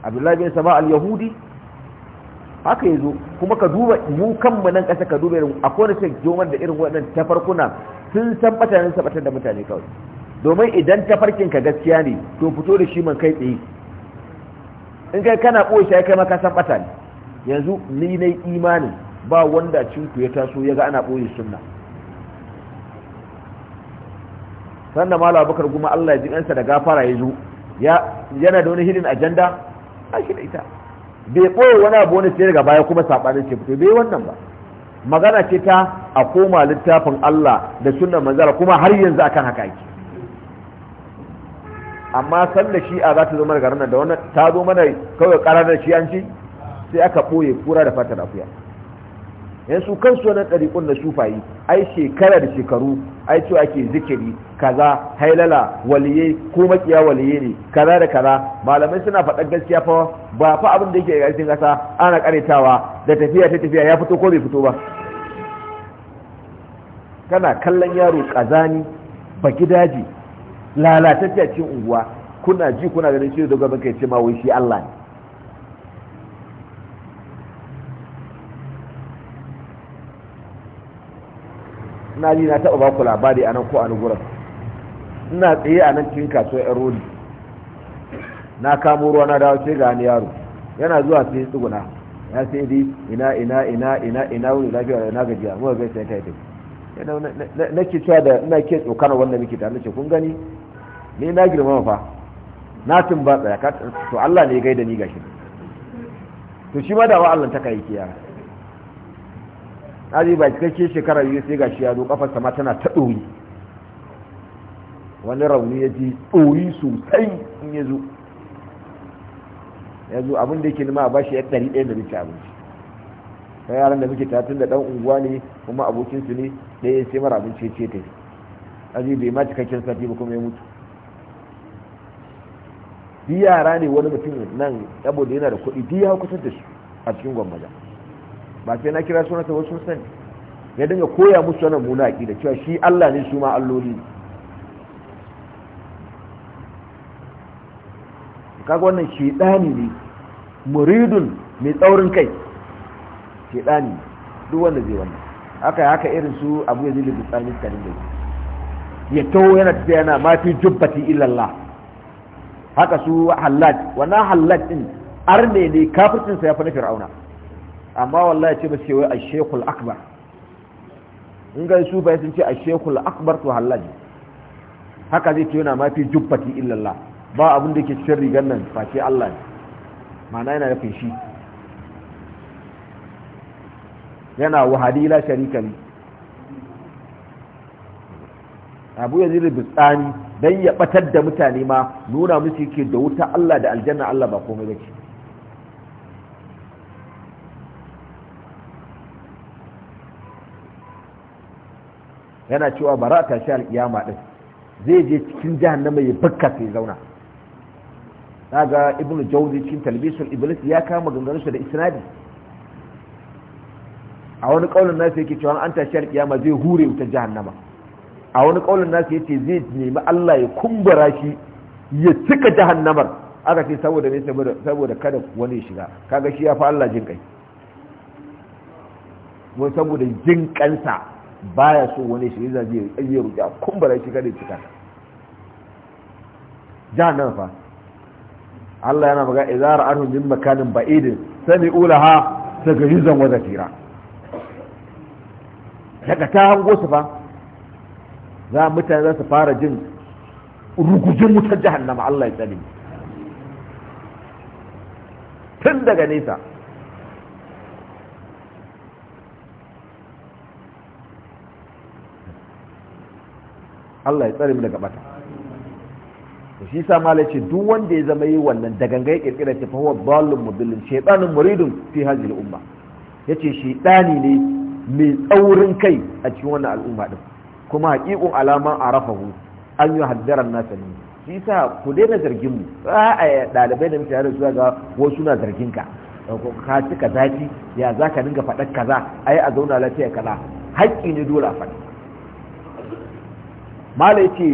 abdullahi bin sama al-yahudi haka yazo kuma ka duba mu kanmu nan ƙasa ka duba irin akwai wani sai joman da irin waɗannan tafarkuna sun san batanin sabatar da mutane kawai domin idan tafarkin ka gaskiya ne to fito da shi man kai tsaye in kai kana ɓoye shi kai maka san ɓata ne yanzu ni na imanin ba wanda cinku ya taso ya ga ana ɓoye sunna sannan mala abubakar kuma allah ya ji ɗansa da gafara ya zo yana da wani hidin ajanda a shi da ita bai ɓoye wani abu wani sai daga baya kuma saɓanin ce fito bai wannan ba magana ce ta a koma littafin allah da sunan manzara kuma har yanzu akan haka ake amma sallar shi'a za ta zo mana garin nan da wannan ta zo mana kawai an shi'anci sai aka ɓoye kura da fata lafiya yan su kansu wannan ɗariƙun na sufayi ai shekara da shekaru ai cewa ake zikiri kaza hailala waliye ko makiya waliye ne kaza da kaza malamai suna faɗar gaskiya fa ba fa abin da yake a cikin ƙasa ana ƙaretawa da tafiya ta tafiya ya fito ko bai fito ba kana kallon yaro ni ba gidaje lalatacce a cikin unguwa kuna ji kuna ganin shi da gaban kai ce ma wai shi Allah ne na ji na taɓa baku labari a nan ko a nugurar ina tsaye a nan cikin kasuwar yan roli na kamo ruwa na dawo ce ga wani yaro yana zuwa sai tsuguna ya sai dai ina ina ina ina ina wuri lafiya da na gajiya mu ga sai ta yi na ke cewa da ina ke tsokana wanda muke tare ce kun gani ne na girmama fa na tun ba tsaya to Allah ne ya gaida ni gashi to shi ma wa Allah ta kai kiya aji ba cikakke shekara biyu sai gashi ya zo kafar sama tana ta ɗoyi wani rauni ya ji ɗoyi sosai in ya zo ya zo abin da yake nima a bashi ya ɗari ɗaya da rike abinci sai yaran da muke tatun da ɗan unguwa ne kuma abokinsu ne ɗaya sai mara abinci ya ce ta yi aji bai ma cikakken sati ba kuma ya mutu duk yara ne wani mutum nan saboda yana da kuɗi duk ya kusa da su a cikin gwamnati ba sai na kira sunansa wasu sun sani ya dinga koya musu wannan muna da cewa shi Allah ne su ma alloli kaga wannan shedani ne muridun mai tsaurin kai shedani duk wanda zai wannan haka haka irin su abu zai da bisani kan da ya tawo yana tafiya yana mafi jubbati illallah haka su hallaj wannan hallaj din arne ne kafircin sa ya fi na fir'auna amma wallahi ce ba ce wai ashekul akbar in ga su bai sun ce ashekul akbar to hallaj haka zai ce yana ma fi jubbati illallah ba abin da ke cikin rigar nan face Allah ne ma'ana yana nufin shi yana wahadi la sharika abu yazid dan ya batar da mutane ma nuna musu yake da wuta Allah da aljanna Allah ba komai bace yana cewa ba ta shi alkiyama din zai je cikin jahannama ya bakka sai zauna ga ibnu jawzi cikin talbisul iblis ya kama shi da isnadi a wani kaulin nasu yake cewa an tashi alkiyama zai hure wutar jahannama a wani kaulin nasu ce zai nemi Allah ya kumbura shi ya cika jahannamar aka ce saboda ne saboda kada wani shiga kaga shi ya fi Allah jin kai wani saboda jin kansa baya so wani shi zai ya rubuta a kumbura shi kada ya cika jahannam fa Allah yana magana idza ra'ahum min makanin ba'idin sami ulaha tagayuzan wa zakira daga ta hango su fa za mutane za su fara jin rugujin wutar jahannama Allah ya tsare tun daga nesa Allah ya tsari daga bata da shi sa malai ce duk wanda ya zama yi wannan da gangai kirkira ce fa huwa dallun mudillin shaytanun muridun fi hadhihi al-umma yace shaytani ne mai tsaurin kai a cikin wannan al'umma din kuma haƙiƙun alama arafahu an yuhaddara an nasa ne shi sa ku daina zargin mu a dalibai da mutane su ga wasu na zargin ka ka ci ka zafi ya za ka dinga faɗa kaza ai a zauna lafiya kaza haƙƙi ne dole a faɗi malai ce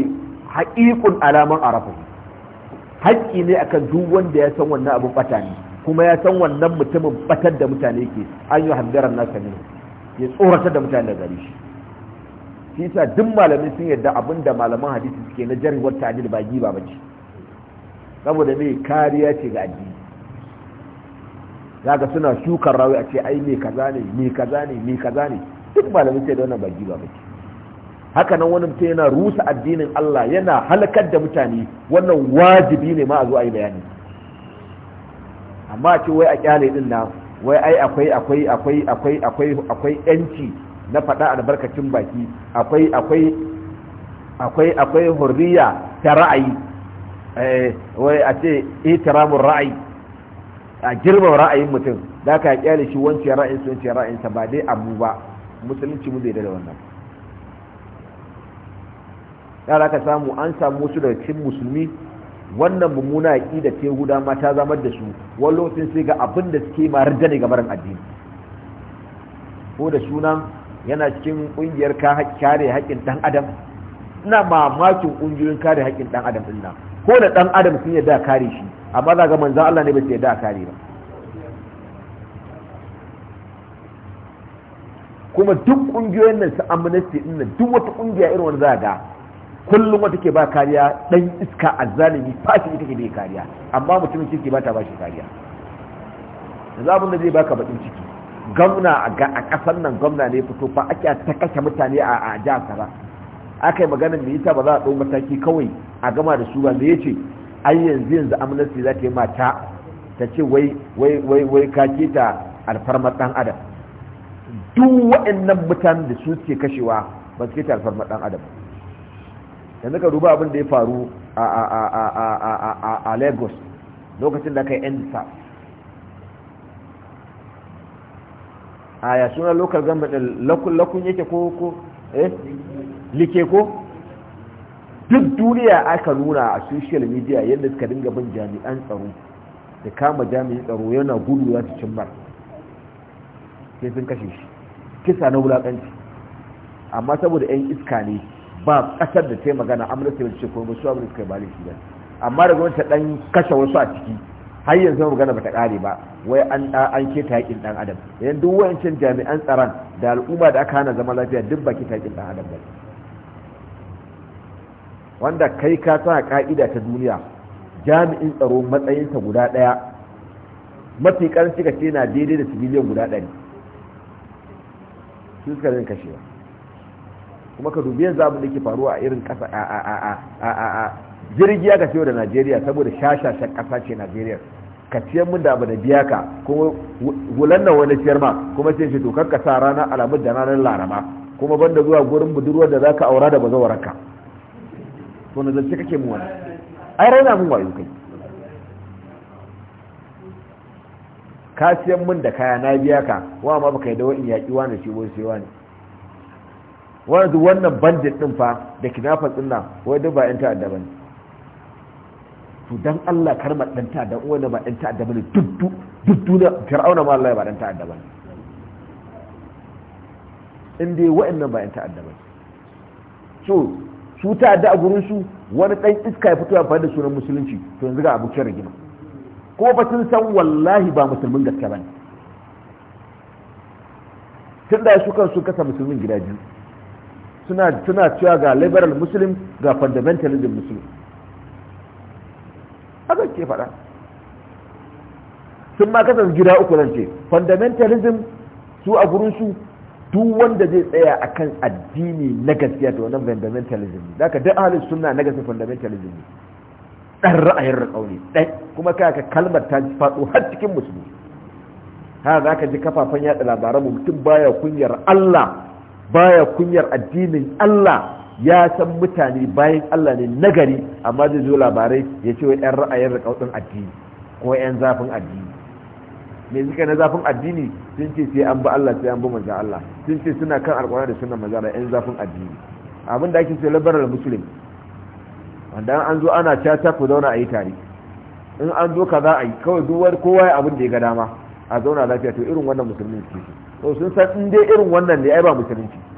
haƙiƙun alaman hu haƙƙi ne akan duk wanda ya san wannan abin bata ne kuma ya san wannan mutumin batar da mutane ke an yi hanzarar nasa ne ya tsoratar da mutane da gari shi shi yasa duk malamai sun yarda da malaman hadisi suke na wata ta'dil ba giba ce saboda me kariya ce ga addini zaka suna shukar rawi a ce ai mai kaza ne me kaza ne me kaza ne duk malamai sai da wannan ba giba ce haka nan wani mutum yana rusa addinin Allah yana halakar da mutane wannan wajibi ne ma a zo a yi bayani amma ce wai a kyale din na wai ai akwai akwai akwai akwai akwai akwai yanci na faɗa albarkacin baki akwai akwai akwai akwai hurriya ta ra'ayi eh, wai a ce itiramun ra'ayi a girmama ra'ayin mutum da ka kyale shi wancan ra'ayin su wance ra'ayin sa ba dai abu ba musulunci mu bai da wannan yara ka samu an samu su daga cikin musulmi wannan mummuna da ce guda ma ta zamar da su wani lokacin sai ga abin da suke ma rajane ga maran addini ko da sunan yana cikin kungiyar kare haƙƙin dan adam ina mamakin kungiyoyin kare haƙƙin ɗan adam din nan ko da dan adam sun a kare shi amma za ga manzan Allah ne ba su a kare ba kuma duk kungiyoyin nan su amnesty din nan duk wata kungiya irin wani za ga kullum wata ke ba kariya dan iska a zalimi fashi ita ke bai kariya amma mutumin kirki ba ta ba shi kariya da zai baka baƙin ciki gwamna a ƙasar nan gwamna ne fito fa ake ta kashe mutane a jihar kaza aka yi maganin mai ita ba za a ɗau mataki kawai a gama da su ba ya ce ai yanzu yanzu amnesty za ta yi mata ta ce wai wai wai ta alfarmar ɗan adam duk waɗannan mutanen da su ke kashewa ba su ta alfarmar ɗan adam yanzu ka duba abin da ya faru a lagos lokacin da aka yi Aya suna local government lakun lakun yake ko ko eh like ko duk duniya aka nuna a social media yadda suka dinga bin jami'an tsaro da kama jami'in tsaro yana gudu ya ta cimmar sai sun kashe shi kisa na wulaƙanci amma saboda 'yan iska ne ba ƙasar da ta yi magana amurka da ce kuma su amurka kai bali shi ba amma da gwamnati ta ɗan kashe wasu a ciki har yanzu magana bata kare ba wai an an keta takin dan adam idan duk wayancin jami'an tsaron da al'umma da aka hana zama lafiya duk baki takin dan adam ba wanda kai ka sa ka'ida ta duniya jami'in tsaro matsayin ta guda ɗaya mafi karanci ka ce na daidai da civilian guda ɗari su suka zai kashewa kuma ka dubi yanzu abin da ke faruwa a irin a a a a a a jirgi aka ciyo da najeriya saboda shashashen kasa ce najeriya ka ciyar mun da abu da biya ka kuma hulan na wani ciyar ma kuma ce shi to ka sa rana alamun da ranar larama kuma banda zuwa gurin budurwar da zaka aura da bazawararka to na zance kake muwa wani ai raina mun wayo kai ka ciyar mun da kaya na biya ka wa ma baka yi da wa'in yaƙi wani shi wani sai wani wani wannan bandit din fa da kinafa tsinna nan wai duk ba 'yan ta'adda ba ne to dan Allah ma dan ta'adda wanda ba dan ta'adda bane duddu duddu da fir'auna ma Allah ba dan ta'adda bane in dai wa'annan ba yan ta'adda bane so su ta'adda a gurin su wani dan iska ya fito ya faɗi da sunan musulunci to yanzu ga abokin rigima ko ba sun san wallahi ba musulmin gaske bane tun da su kansu kasa musulmin gida biyu suna suna cewa ga liberal muslim ga fundamentalism muslim haka ke faɗa sun ma kasance gida uku nan ce fundamentalism su a gurin su duk wanda zai tsaya akan addini na gaskiya to wannan fundamentalism ne zaka duk ahalin sunna na gaskiya fundamentalism ne dan ra'ayin rakauni ɗan kuma ka kalmar ta faɗo har cikin musulmi ha zaka ji kafafan yaɗa labaran mutum baya kunyar Allah baya kunyar addinin Allah ya san mutane bayan Allah ne nagari amma zai zo labarai ya ce wa 'yan ra'ayin rikautsin addini ko 'yan zafin addini me suka na zafin addini sun ce sai an ba Allah sai an ba manzan Allah sun ce suna kan alkwana da suna manzan Allah 'yan zafin addini abin da ake ce labarar musulun wanda an zo ana cata ku zauna a yi tare in an zo ka za a yi kawai duwar kowa ya abin da ya ga dama a zauna lafiya to irin wannan musulmi suke so sun san in dai irin wannan ne ai ba musulunci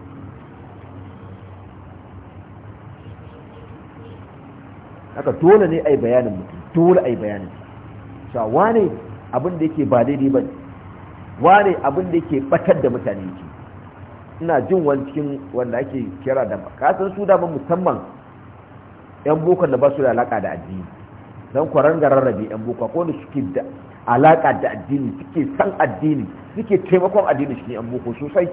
haka dole ne ai bayanin mutum dole ai bayanin cewa wane abin da yake ba daidai ba wane abin da yake batar da mutane yake ina jin wani cikin wanda ake kira da kasan su da musamman yan bokon da ba su da alaka da addini don kwaran gararrabe yan boko ko da suke da alaka da addini suke san addini suke taimakon addini shi yan boko sosai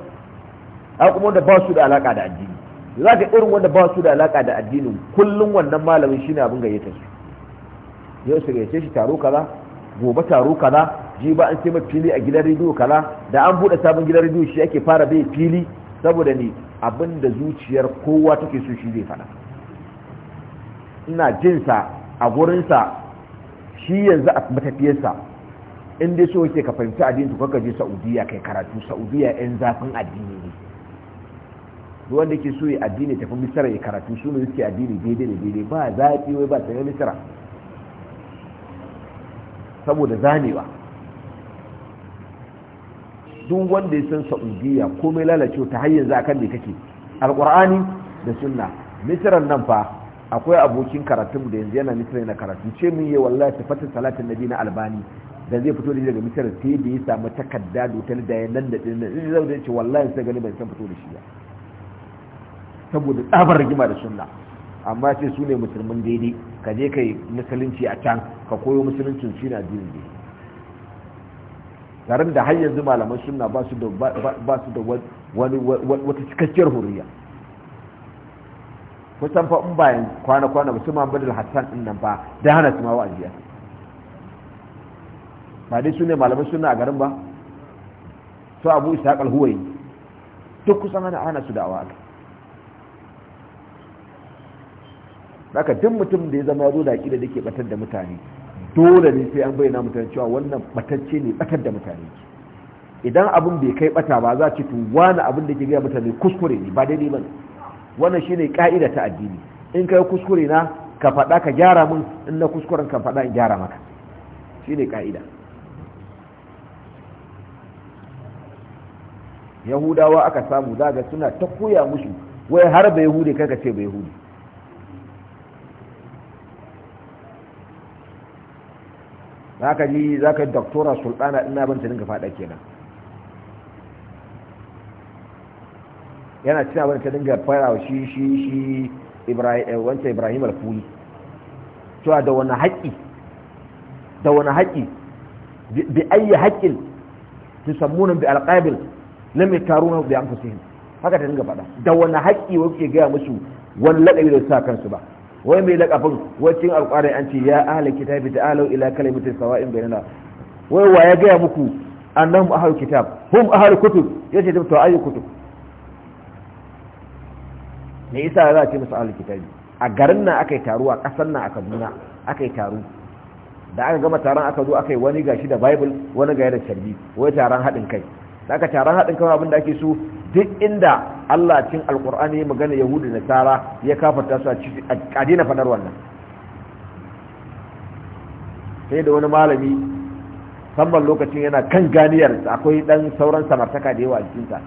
a kuma da ba su da alaka da addini za ka irin wanda ba su da alaka da addinin kullum wannan malamin shine abin gayyatar su yau su gayyace shi taro kaza gobe taro kaza ji ba an sai mai fili a gidan rediyo kaza da an bude sabon gidan rediyo shi ake fara bai fili saboda ne abin da zuciyar kowa take so shi zai faɗa ina sa a gurinsa shi yanzu a matafiyarsa in dai so yake ka fahimci addini to kaka je saudiya kai karatu saudiya yan zafin addini ne wanda ke so ya addini tafi misira ya karatu su ne suke addini daidai da daidai ba zaɓi wai ba yi misira saboda zanewa duk wanda ya san sa'udiyya komai lalacewa ta hanyar za a kan da kake alƙur'ani da sunna misiran nan fa akwai abokin karatun da yanzu yana misira yana karatu ce min yi wallahi tafatin salatin nabi na albani da zai fito da shi daga misira sai da ya samu takarda wutar da ya nan da ɗin nan zai zaune ce wallahi sai gani ban san fito da shi ba saboda tsabar rigima da sunna amma ce su ne musulmin daidai ka je ka yi musulunci a can ka koyo musuluncin su na jin daidai tare da har yanzu malaman sunna ba su da wata cikakkiyar huriya kusan fa in bayan kwana-kwana ba su ma badal hassan din nan ba da hana su ma ajiya. ba dai su ne malaman sunna a garin ba su abu isa al duk kusan hana su da'awa aka haka duk mutum da ya zama ya zo da aƙida da ke batar da mutane dole ne sai an bayyana mutane cewa wannan batacce ne batar da mutane idan abin bai kai bata ba za ci to wani abin da ke gaya mutane kuskure ne ba daidai bane wannan shine ka'ida ta addini in kai kuskure na ka faɗa ka gyara min in na kuskuren ka faɗa in gyara maka shine ka'ida yahudawa aka samu zaga suna ta koya musu wai har ba yahudi kai ka ce ba yahudi za ka ji za ka yi doktora sultana ina ban ta dinga faɗa kenan yana cina abin ta dinga fara shi shi shi wanda ibrahim eh, alfuli cewa da wani haƙƙi da wani haƙƙi bi ayi haƙƙin su sammunan bi alƙabil lam yakaruna bi anfusihim haka ta dinga faɗa da wani haƙƙi wake gaya musu wani laɗabi da sa kansu ba wai mai lakafin wacin alƙwarai an ce ya ahalar kitabi ta ahalar ila kalimitin sawa'in nuna wai wa ya gaya muku mu ahalar kitab hum ahalar kutub ya ce to ayu kutub me isa za a ce musu ahalar kitabi a garin nan aka yi taro a ƙasar nan a kaduna aka yi taro da aka gama taron aka zo aka yi wani gashi da bible wani gaya da sharbi wai taron haɗin kai da aka taron haɗin kai abin da ake so duk inda Allah cin alkur'ani ya magana yahudu da nasara ya kafarta su a kadina fadar wannan sai da wani malami samban lokacin yana kan ganiyar akwai dan sauran samartaka da yawa a jikinta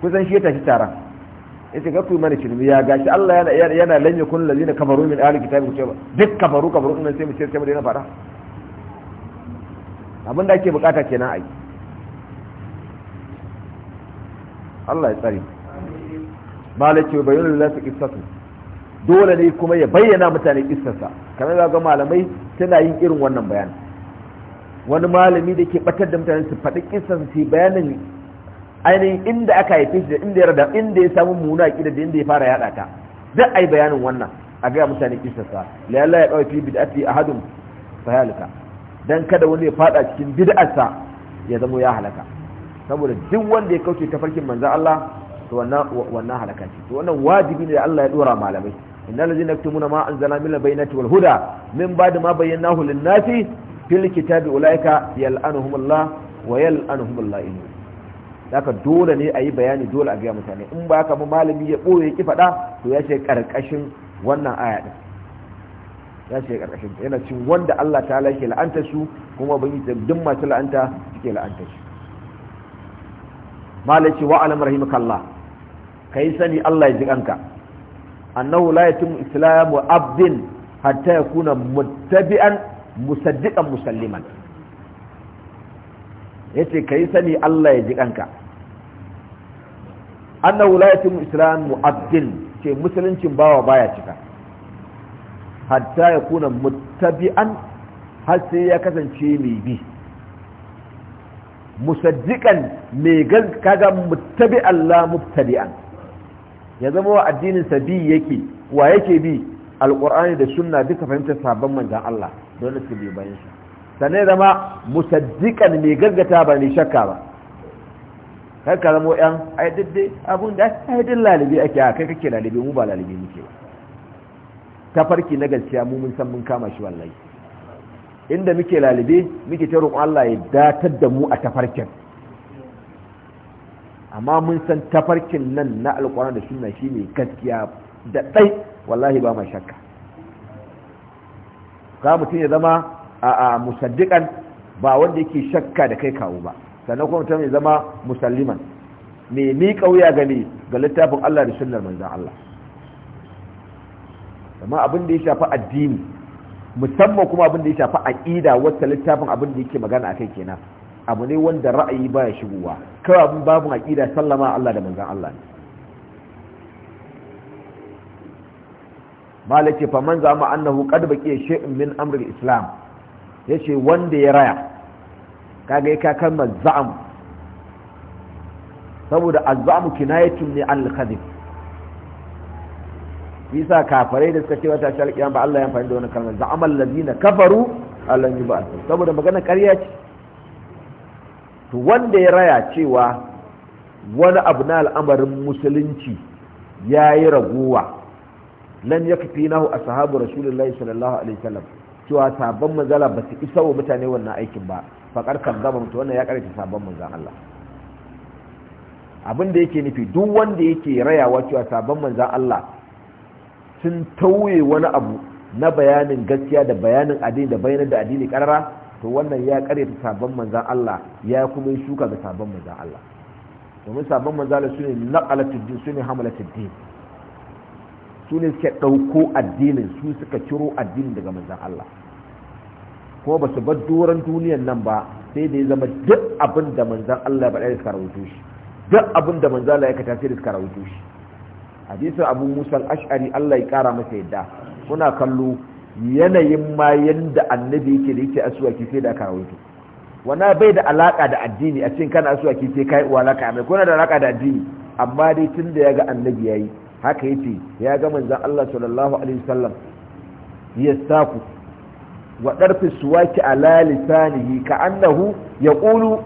kusan shi ya tafi taron ya shiga kuma mana shirmi ya gashi Allah yana yana lanye kun lalina kafaru min ahli kitabi ku ce ba duk kafaru kafaru nan sai mu ce sai mu daina fara abin da ake bukata kenan aiki. Allah ya tsare malaki bayyana lillahi qissatu dole ne kuma ya bayyana mutane kissarsa kamar za ga malamai suna yin irin wannan bayani wani malami da ke batar da mutane su faɗi kissar su bayanin ainihin inda aka haife shi da inda ya rada inda ya samu muna kida da inda ya fara yada ta zai ai bayanin wannan a ga mutane kissarsa la Allah ya dauki bid'ati ahadun fa halaka dan kada wani ya fada cikin bid'arsa ya zama ya halaka saboda duk wanda ya kauce tafarkin manzan Allah to wannan wannan halaka ce to wannan wajibi ne da Allah ya dora malamai innal ladzina yaktumuna ma anzalna min al-bayyinati wal huda min ba'di ma bayyanahu lin-nasi fil kitabi ulaika yal'anuhumullah wa yal'anuhumul la'in haka dole ne a yi bayani dole a gaya mutane in ba ka malami ya boye ki fada to ya ce karkashin wannan aya din ya ce karkashin yana cin wanda Allah ta'ala yake la'anta su kuma ban yi duk masu la'anta suke la'anta su malaci wa alam rahimakallah kai sani Allah ya ji kanka annahu la yatimu islamu abdin hatta yakuna muttabi'an musaddiqan musalliman yace kai sani Allah ya ji kanka annahu la yatimu islamu abdin ce musuluncin bawa baya cika hatta yakuna muttabi'an har sai ya kasance mai bi musaddiqan mai gaz kaga muttabi Allah mubtadi'an ya zama wa addinin sabi yake wa yake bi alqur'ani da sunna duka fahimtar sabon manzon Allah dole su bi bayan shi sanai zama musaddiqan mai gaggata ba ne shakka ba kar ka zama yan ai didde abun da ai din lalibi ake a kai kake lalibi mu ba lalibi muke ta farki na gaskiya mu mun san mun kama shi wallahi inda muke lalibe muke ta roƙon Allah ya datar da mu a tafarkin amma mun san tafarkin nan na alƙwarar da shi ne gaskiya da ɗai wallahi ba mai shakka ka mutum ya zama a musaddiƙan ba wanda yake shakka da kai kawo ba sannan kuma mutum ya zama musalliman mai kauya ga gani ga littafin Allah da sunnar manzan Allah amma abin da ya shafi addini musamman kuma abin da ya shafi aqida wata littafin abin da yake magana akai kenan abu ne wanda ra'ayi baya shigowa kawai abin babu aqida sallama Allah da manzon Allah ne malik ce faman zama annahu qad baqiya shay'in min amri islam yace wanda ya raya kaga ka kalmar za'am saboda azzamu kinayatun ne al-kadhib yasa kafarai da suka ce wata shar ba Allah ya fahimta wannan kalmar za'amal ladina kafaru Allah ya ba saboda magana ƙarya ce to wanda ya raya cewa wani abu na al'amarin musulunci ya yi raguwa lan ya fi nahu a sahabu rasulullahi sallallahu alaihi wasallam cewa sabon manzala ba su isa wa mutane wannan aikin ba faƙar kan zama mutu wannan ya ƙarfi sabon manzan Allah abin da yake nufi duk wanda yake rayawa cewa sabon manzan Allah sun tauye wani abu na bayanin gaskiya da bayanin addini da bayanin da addini karara to wannan ya karyata sabon manzan Allah ya kuma yi shuka ga sabon manzan Allah domin sabon manzan Allah sune naqalatud din sune hamalatud din sune suka dauko addinin su suka ciro addinin daga manzan Allah kuma ba su bar doron duniyar nan ba sai da ya zama duk abin da manzan Allah ba da suka rawuto shi duk abin da manzan Allah ya ka tasiri suka rawuto shi hadisin abu musal ash'ari allah ya kara masa yadda kuna kallo yanayin ma yanda annabi yake da yake asuwaki sai da aka rawaito bai da alaka da addini a cikin kana asuwaki sai kai uwa mai kuna da alaka da addini amma dai tun da ya ga annabi yayi haka yace ya ga manzon Allah sallallahu alaihi wasallam saku wa darfi suwaki ala lisanihi ka annahu yaqulu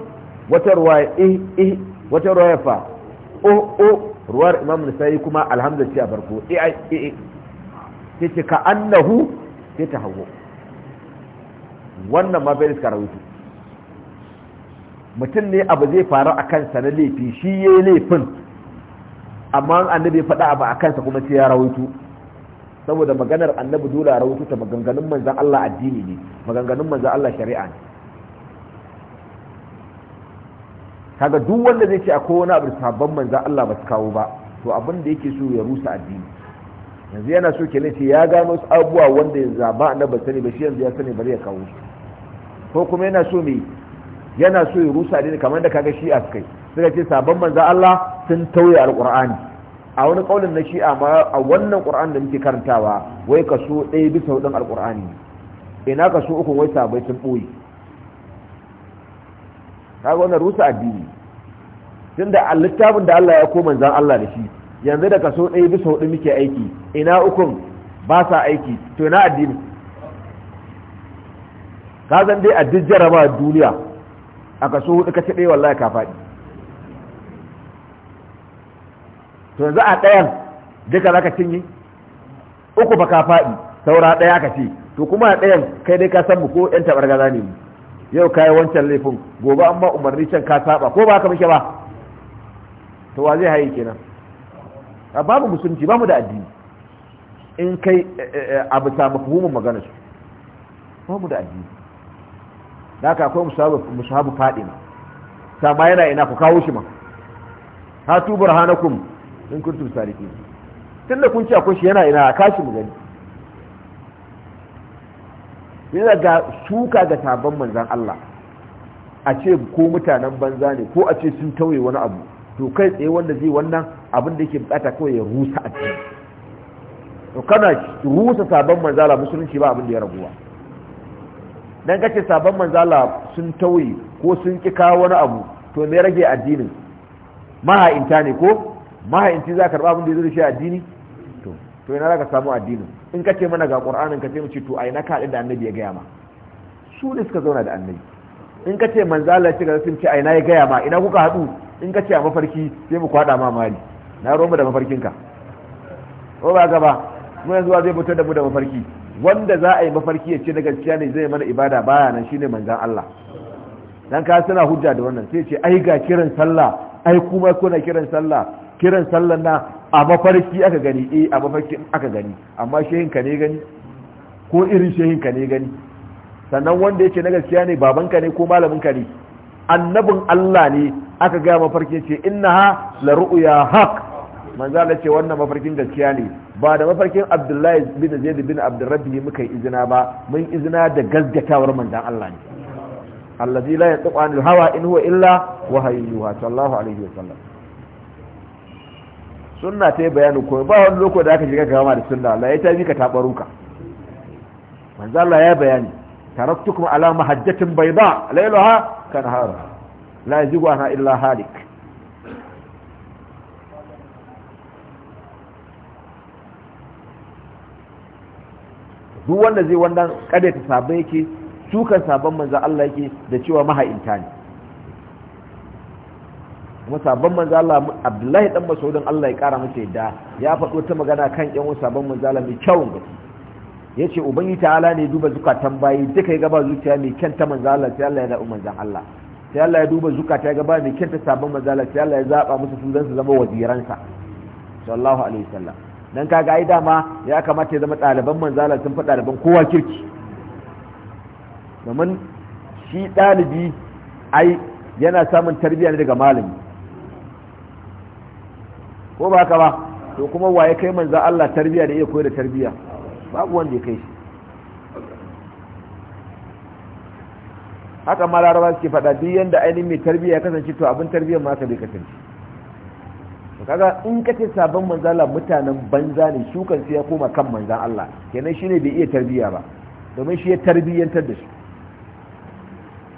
wata ruwaya eh eh wata ruwaya fa oh oh ruwar imam nisa'i kuma alhamdulillah ce a farko ai ai eh, eh. sai ce ka annahu ta hawo wannan ma bai iska mutum ne abu zai faru a kansa na laifi shi ya yi laifin amma annabi ya faɗa abu a kansa kuma sai ya rawaitu. saboda maganar annabi dole a ta maganganun manzan Allah addini ne maganganun manzan Allah shari'a ne kaga duk wanda zai ce akwai wani abu sabon manza Allah ba su kawo ba to abin da yake so ya rusa addini yanzu yana so kenan ce ya gano wasu abubuwa wanda ya zaba na ba sani ba shi yanzu ya sani ba zai kawo su ko kuma yana so me yana so ya rusa addini kamar da kaga shi'a kai, sai suka ce sabon manza Allah sun tauye alqur'ani a wani kaulin na shi'a ma a wannan qur'an da muke karantawa wai kaso ɗaya bisa hudun alqur'ani ina kaso uku wai sabai sun ɓoye kaga wannan rusa addini tunda a littafin da Allah ya ko manzan Allah da shi yanzu da kaso ɗaya bisa hudu muke aiki ina ukun ba sa aiki to na addini ka zan dai a duk jarabawa duniya a kaso hudu ka ci ɗaya wallahi ka faɗi to yanzu a ɗayan duka za ka cinye uku ba ka faɗi saura ɗaya ka ce to kuma a ɗayan kai dai ka san mu ko 'yan taɓar gaza ne mu yau ka yi wancan laifin gobe an ba umarni can ka saba ko ba haka muke ba to wa zai haye kenan babu musulunci ba mu da addini in kai abu eh, ta eh, eh, mafhumin magana su ba mu da addini da aka akwai musahabu fadima sama yana ina ku kawo shi ma hatu burhanakum in kuntum tun da kun ce akwai shi yana ina a kashi mu gani yana ga suka ga sabon manzan Allah a ce ko mutanen banza ne ko a ce sun tauye wani abu to kai tsaye wanda zai wannan abin da yake bukata kawai ya rusa a ciki to kana rusa sabon manzala musulunci ba abin da ya raguwa dan kace sabon manzala sun tauye ko sun ki kawo wani abu to me rage addinin maha'inta ne ko maha'inci za ka karba abin da ya zo da shi addini to to yana za ka samu addinin in ka ce mana ga qur'anin ka ce mu ce to ai na kaɗi da annabi ya gaya ma su ne suka zauna da annabi in ka ce manzo Allah ce ga sun ce ai na ya gaya ma ina kuka hadu in ka ce a mafarki sai mu kwada ma mali na roma da mafarkin ko ba gaba mu yanzu zai fito da mu da mafarki wanda za a yi mafarki ya ce na gaskiya ne zai mana ibada baya nan shine manzon Allah dan ka suna hujja da wannan sai ce ai ga kiran sallah ai kuma kuna kiran sallah kiran sallan na a mafarki aka gani eh a mafarki aka gani amma shehin ka ne gani ko irin shehin ka ne gani sannan wanda yake na gaskiya ne babanka ne ko malamin ka ne annabin Allah ne aka ga mafarki ce innaha la ru'ya haq manzo Allah ce wannan mafarkin gaskiya ne ba da mafarkin Abdullahi bin Zaid bin Abdurrabbi muka yi izina ba mun izina da gaskatawar manzon Allah ne allazi la yaqulu hawa in huwa illa wahyu yuha sallallahu alaihi wasallam sunna ta yi bayanin komai ba wani lokaci da aka shiga gama da sunna Allah ya ta mika ta baruka manzo Allah ya bayani taraktukum ala mahajjatin bayda laylaha haru la yajigu anha illa halik duk wanda zai wannan ta sabon yake sukan sabon manzo Allah yake da cewa maha'inta ne kuma sabon manzo Allah Abdullahi dan Mas'udin Allah ya kara masa yadda ya faɗo ta magana kan ƴan sabon manzo Allah mai kyawun gaske yace ubangi ta'ala ne duba zukatan bayi duka ya gaba zuciya mai kyan ta manzo Allah sai Allah ya da manzon Allah sai Allah ya duba zukata ya gaba mai kyan ta sabon manzo Allah sai Allah ya zaba musu su zan su zama waziransa sallallahu alaihi wasallam dan kaga ai dama ya kamata ya zama ɗaliban manzo Allah sun fi ɗaliban kowa kirki domin shi ɗalibi ai yana samun tarbiyya ne daga malami ko ba ka ba to kuma waye kai manzo Allah tarbiya da iya koyar da tarbiya babu wanda ya kai shi haka ma laraba suke fada duk yanda ainihin mai tarbiya ya kasance to abin tarbiyyar ma ka bai kasance kaga in ka ce sabon manzo Allah mutanen banza ne shukan su ya koma kan manzan Allah kenan shine bai iya tarbiya ba domin shi ya tarbiyyantar da su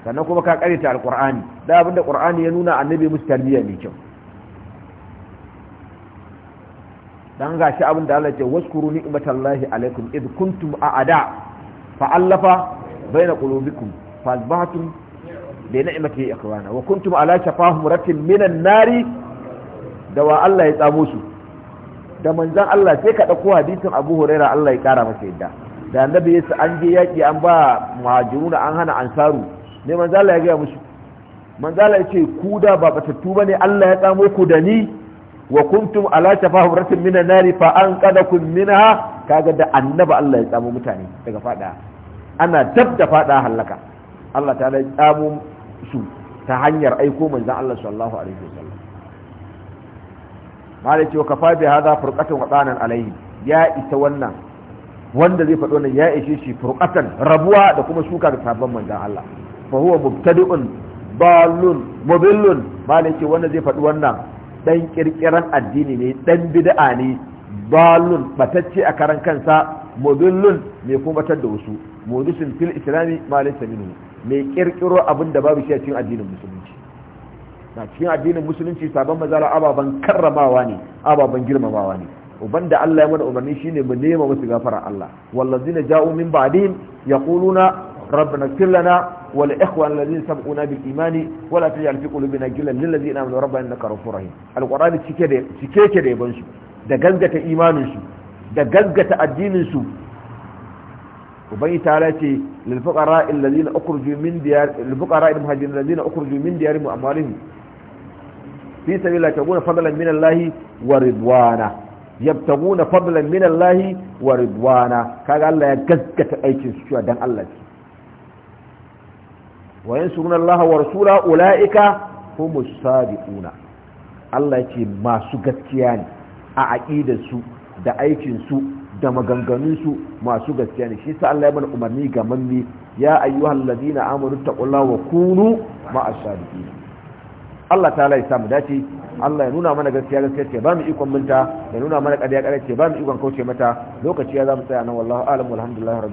sannan kuma ka ta alqur'ani da abinda qur'ani ya nuna annabi musu tarbiyya mai kyau dan gashi abin da Allah ya ce waskuru ni'matallahi alaikum id kuntum a'ada fa allafa baina qulubikum fa asbahtum bi ni'mati ikhwana wa kuntum ala shafa humratin minan nari da wa Allah ya tsamo su da manzan Allah sai ka dauko hadisin Abu Huraira Allah ya kara masa yadda da annabi ya sa an je yaki an ba muhajiruna an hana ansaru ne manzan Allah ya ga musu manzan Allah ya ce ku da ba batattu bane Allah ya tsamo ku da ni wa kuntum ala shafa hubratin an nari fa anqadakum minha kaga da annaba Allah ya tsamo mutane daga fada ana dab da fada halaka Allah ta ya tsamo su ta hanyar aiko manzon Allah sallallahu alaihi wasallam malai ce kafa bi hadha furqatan wa danan alaihi ya isa wannan wanda zai faɗo nan ya ishe shi furqatan rabuwa da kuma shuka da sabon manzon Allah fa huwa mubtadi'un balun mubillun malai wanda zai faɗi wannan dan kirkiran addini ne dan bid'a ne balun batacce a karan kansa mudullun mai kuma da wasu mudusin fil islami malin saminu mai kirkiro abin da babu shi a cikin addinin musulunci na cikin addinin musulunci sabon mazara ababen karramawa ne ababen girmamawa ne uban da Allah ya mana umarni shine mu nema musu gafara Allah wallazina ja'u min ba'dihim yaquluna ربنا اغفر لنا ولإخوان الذين سبقونا بالإيمان ولا تجعل في قلوبنا جلا للذين آمنوا ربنا إنك غفور رحيم القرآن cike da yabansu da gaggata imaninsu da gaggata addininsu ubangi ta lace lilfuqara alladhina ukhrijoo min diyar lilfuqara almuhajirin alladhina ukhrijoo min diyarihim wa amwalihim fi sabilillahi yabtaguna fadlan min Allahi wa ridwana yabtaguna fadlan min Allahi wa ridwana kaga Allah ya gaskata aikin su cewa dan Allah wa yansuruna Allah wa rasula ulaika humus sadiquna Allah ya ce masu gaskiya ne a aqidar da aikinsu da maganganunsu masu gaskiya ne shi sa Allah ya mana umarni ga manni ya ayyuhal ladina amanu taqullaha wa kunu ma'as sadiqin Allah ta ya samu dace Allah ya nuna mana gaskiya gaskiya ce ba mu ikon minta ya nuna mana ƙarya ƙarya ce ba mu ikon kauce mata lokaci ya za mu tsaya nan wallahu alam walhamdulillah